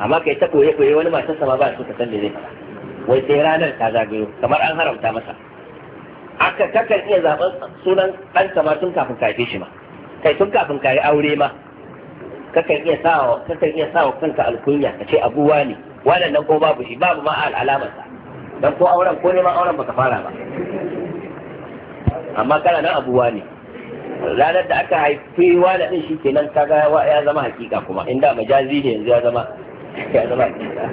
amma kai ta koye koye wani masu sama ba su ka san me zai faɗa wai sai ranar ta zagayo kamar an haramta masa aka kakan iya zaben sunan ɗanka ma tun kafin ka haife shi ma kai tun kafin ka yi aure ma kakan iya sawa kakan iya sawa kanka alkunya ka ce abuwa ne waɗannan ko babu shi babu ma al'alamar don dan ko auren ko neman auren baka fara ba amma kana nan abuwa ne ranar da aka haifi wani ɗin shi kenan kaga ya zama hakika kuma inda majazi ne yanzu ya zama ya zama hakika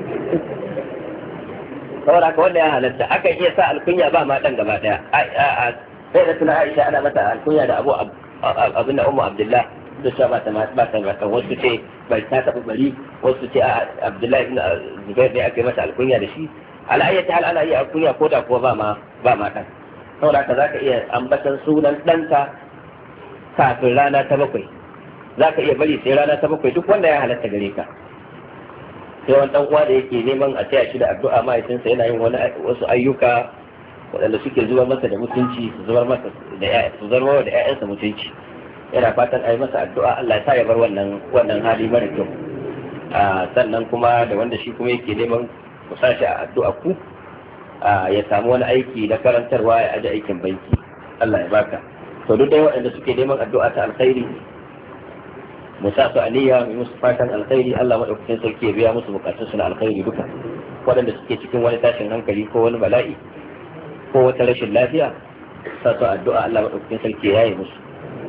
saboda haka wanda ya halatta akan iya sa alkunya ba ma dan gaba daya sai da tuna Aisha ana mata alkunya da Abu abin da Ummu Abdullah da cewa ba ta ba ta ga wasu ce bai ta tafi bari wasu ce a Abdullah ibn Zubair ne aka mata alkunya da shi ala ayyati hal ana iya alkunya ko da kuwa ba ma ba ma dan saboda haka zaka iya ambatan sunan danka kafin rana ta bakwai zaka iya bari sai rana ta bakwai duk wanda ya halatta gare ka sai wani dan uwa da yake neman a taya shi da addu'a mahaifinsa yana yin wani wasu ayyuka waɗanda suke zubar masa da mutunci su zubar masa da su zubar da ƴaƴansa mutunci yana fatan ayi masa addu'a Allah ya ya bar wannan wannan hali mara kyau sannan kuma da wanda shi kuma yake neman ku sashi a addu'a ku ya samu wani aiki na karantarwa ya aje aikin banki Allah ya baka to duk dai waɗanda suke neman addu'a ta alkhairi mu sa su aliyya mu musu fatan alkhairi Allah madaukakin sarki ya biya musu bukatun na alkhairi duka waɗanda suke cikin wani tashin hankali ko wani bala'i ko wata rashin lafiya sa su addu'a Allah madaukakin sarki ya yi musu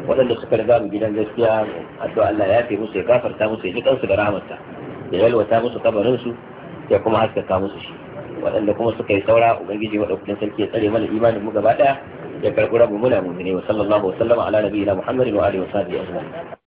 waɗanda suka riga mu gidan gaskiya addu'a Allah ya fi musu ya gafarta musu ya ji kansu da rahmarsa ya yalwata musu kabarin ya kuma haskaka musu shi waɗanda kuma suka yi saura ubangiji madaukakin sarki ya tsare mana imanin mu gaba ɗaya ya karɓi rabu muna mu'mini wa sallallahu wa sallama ala nabiyina muhammadin wa alihi wa sahbihi ajma'in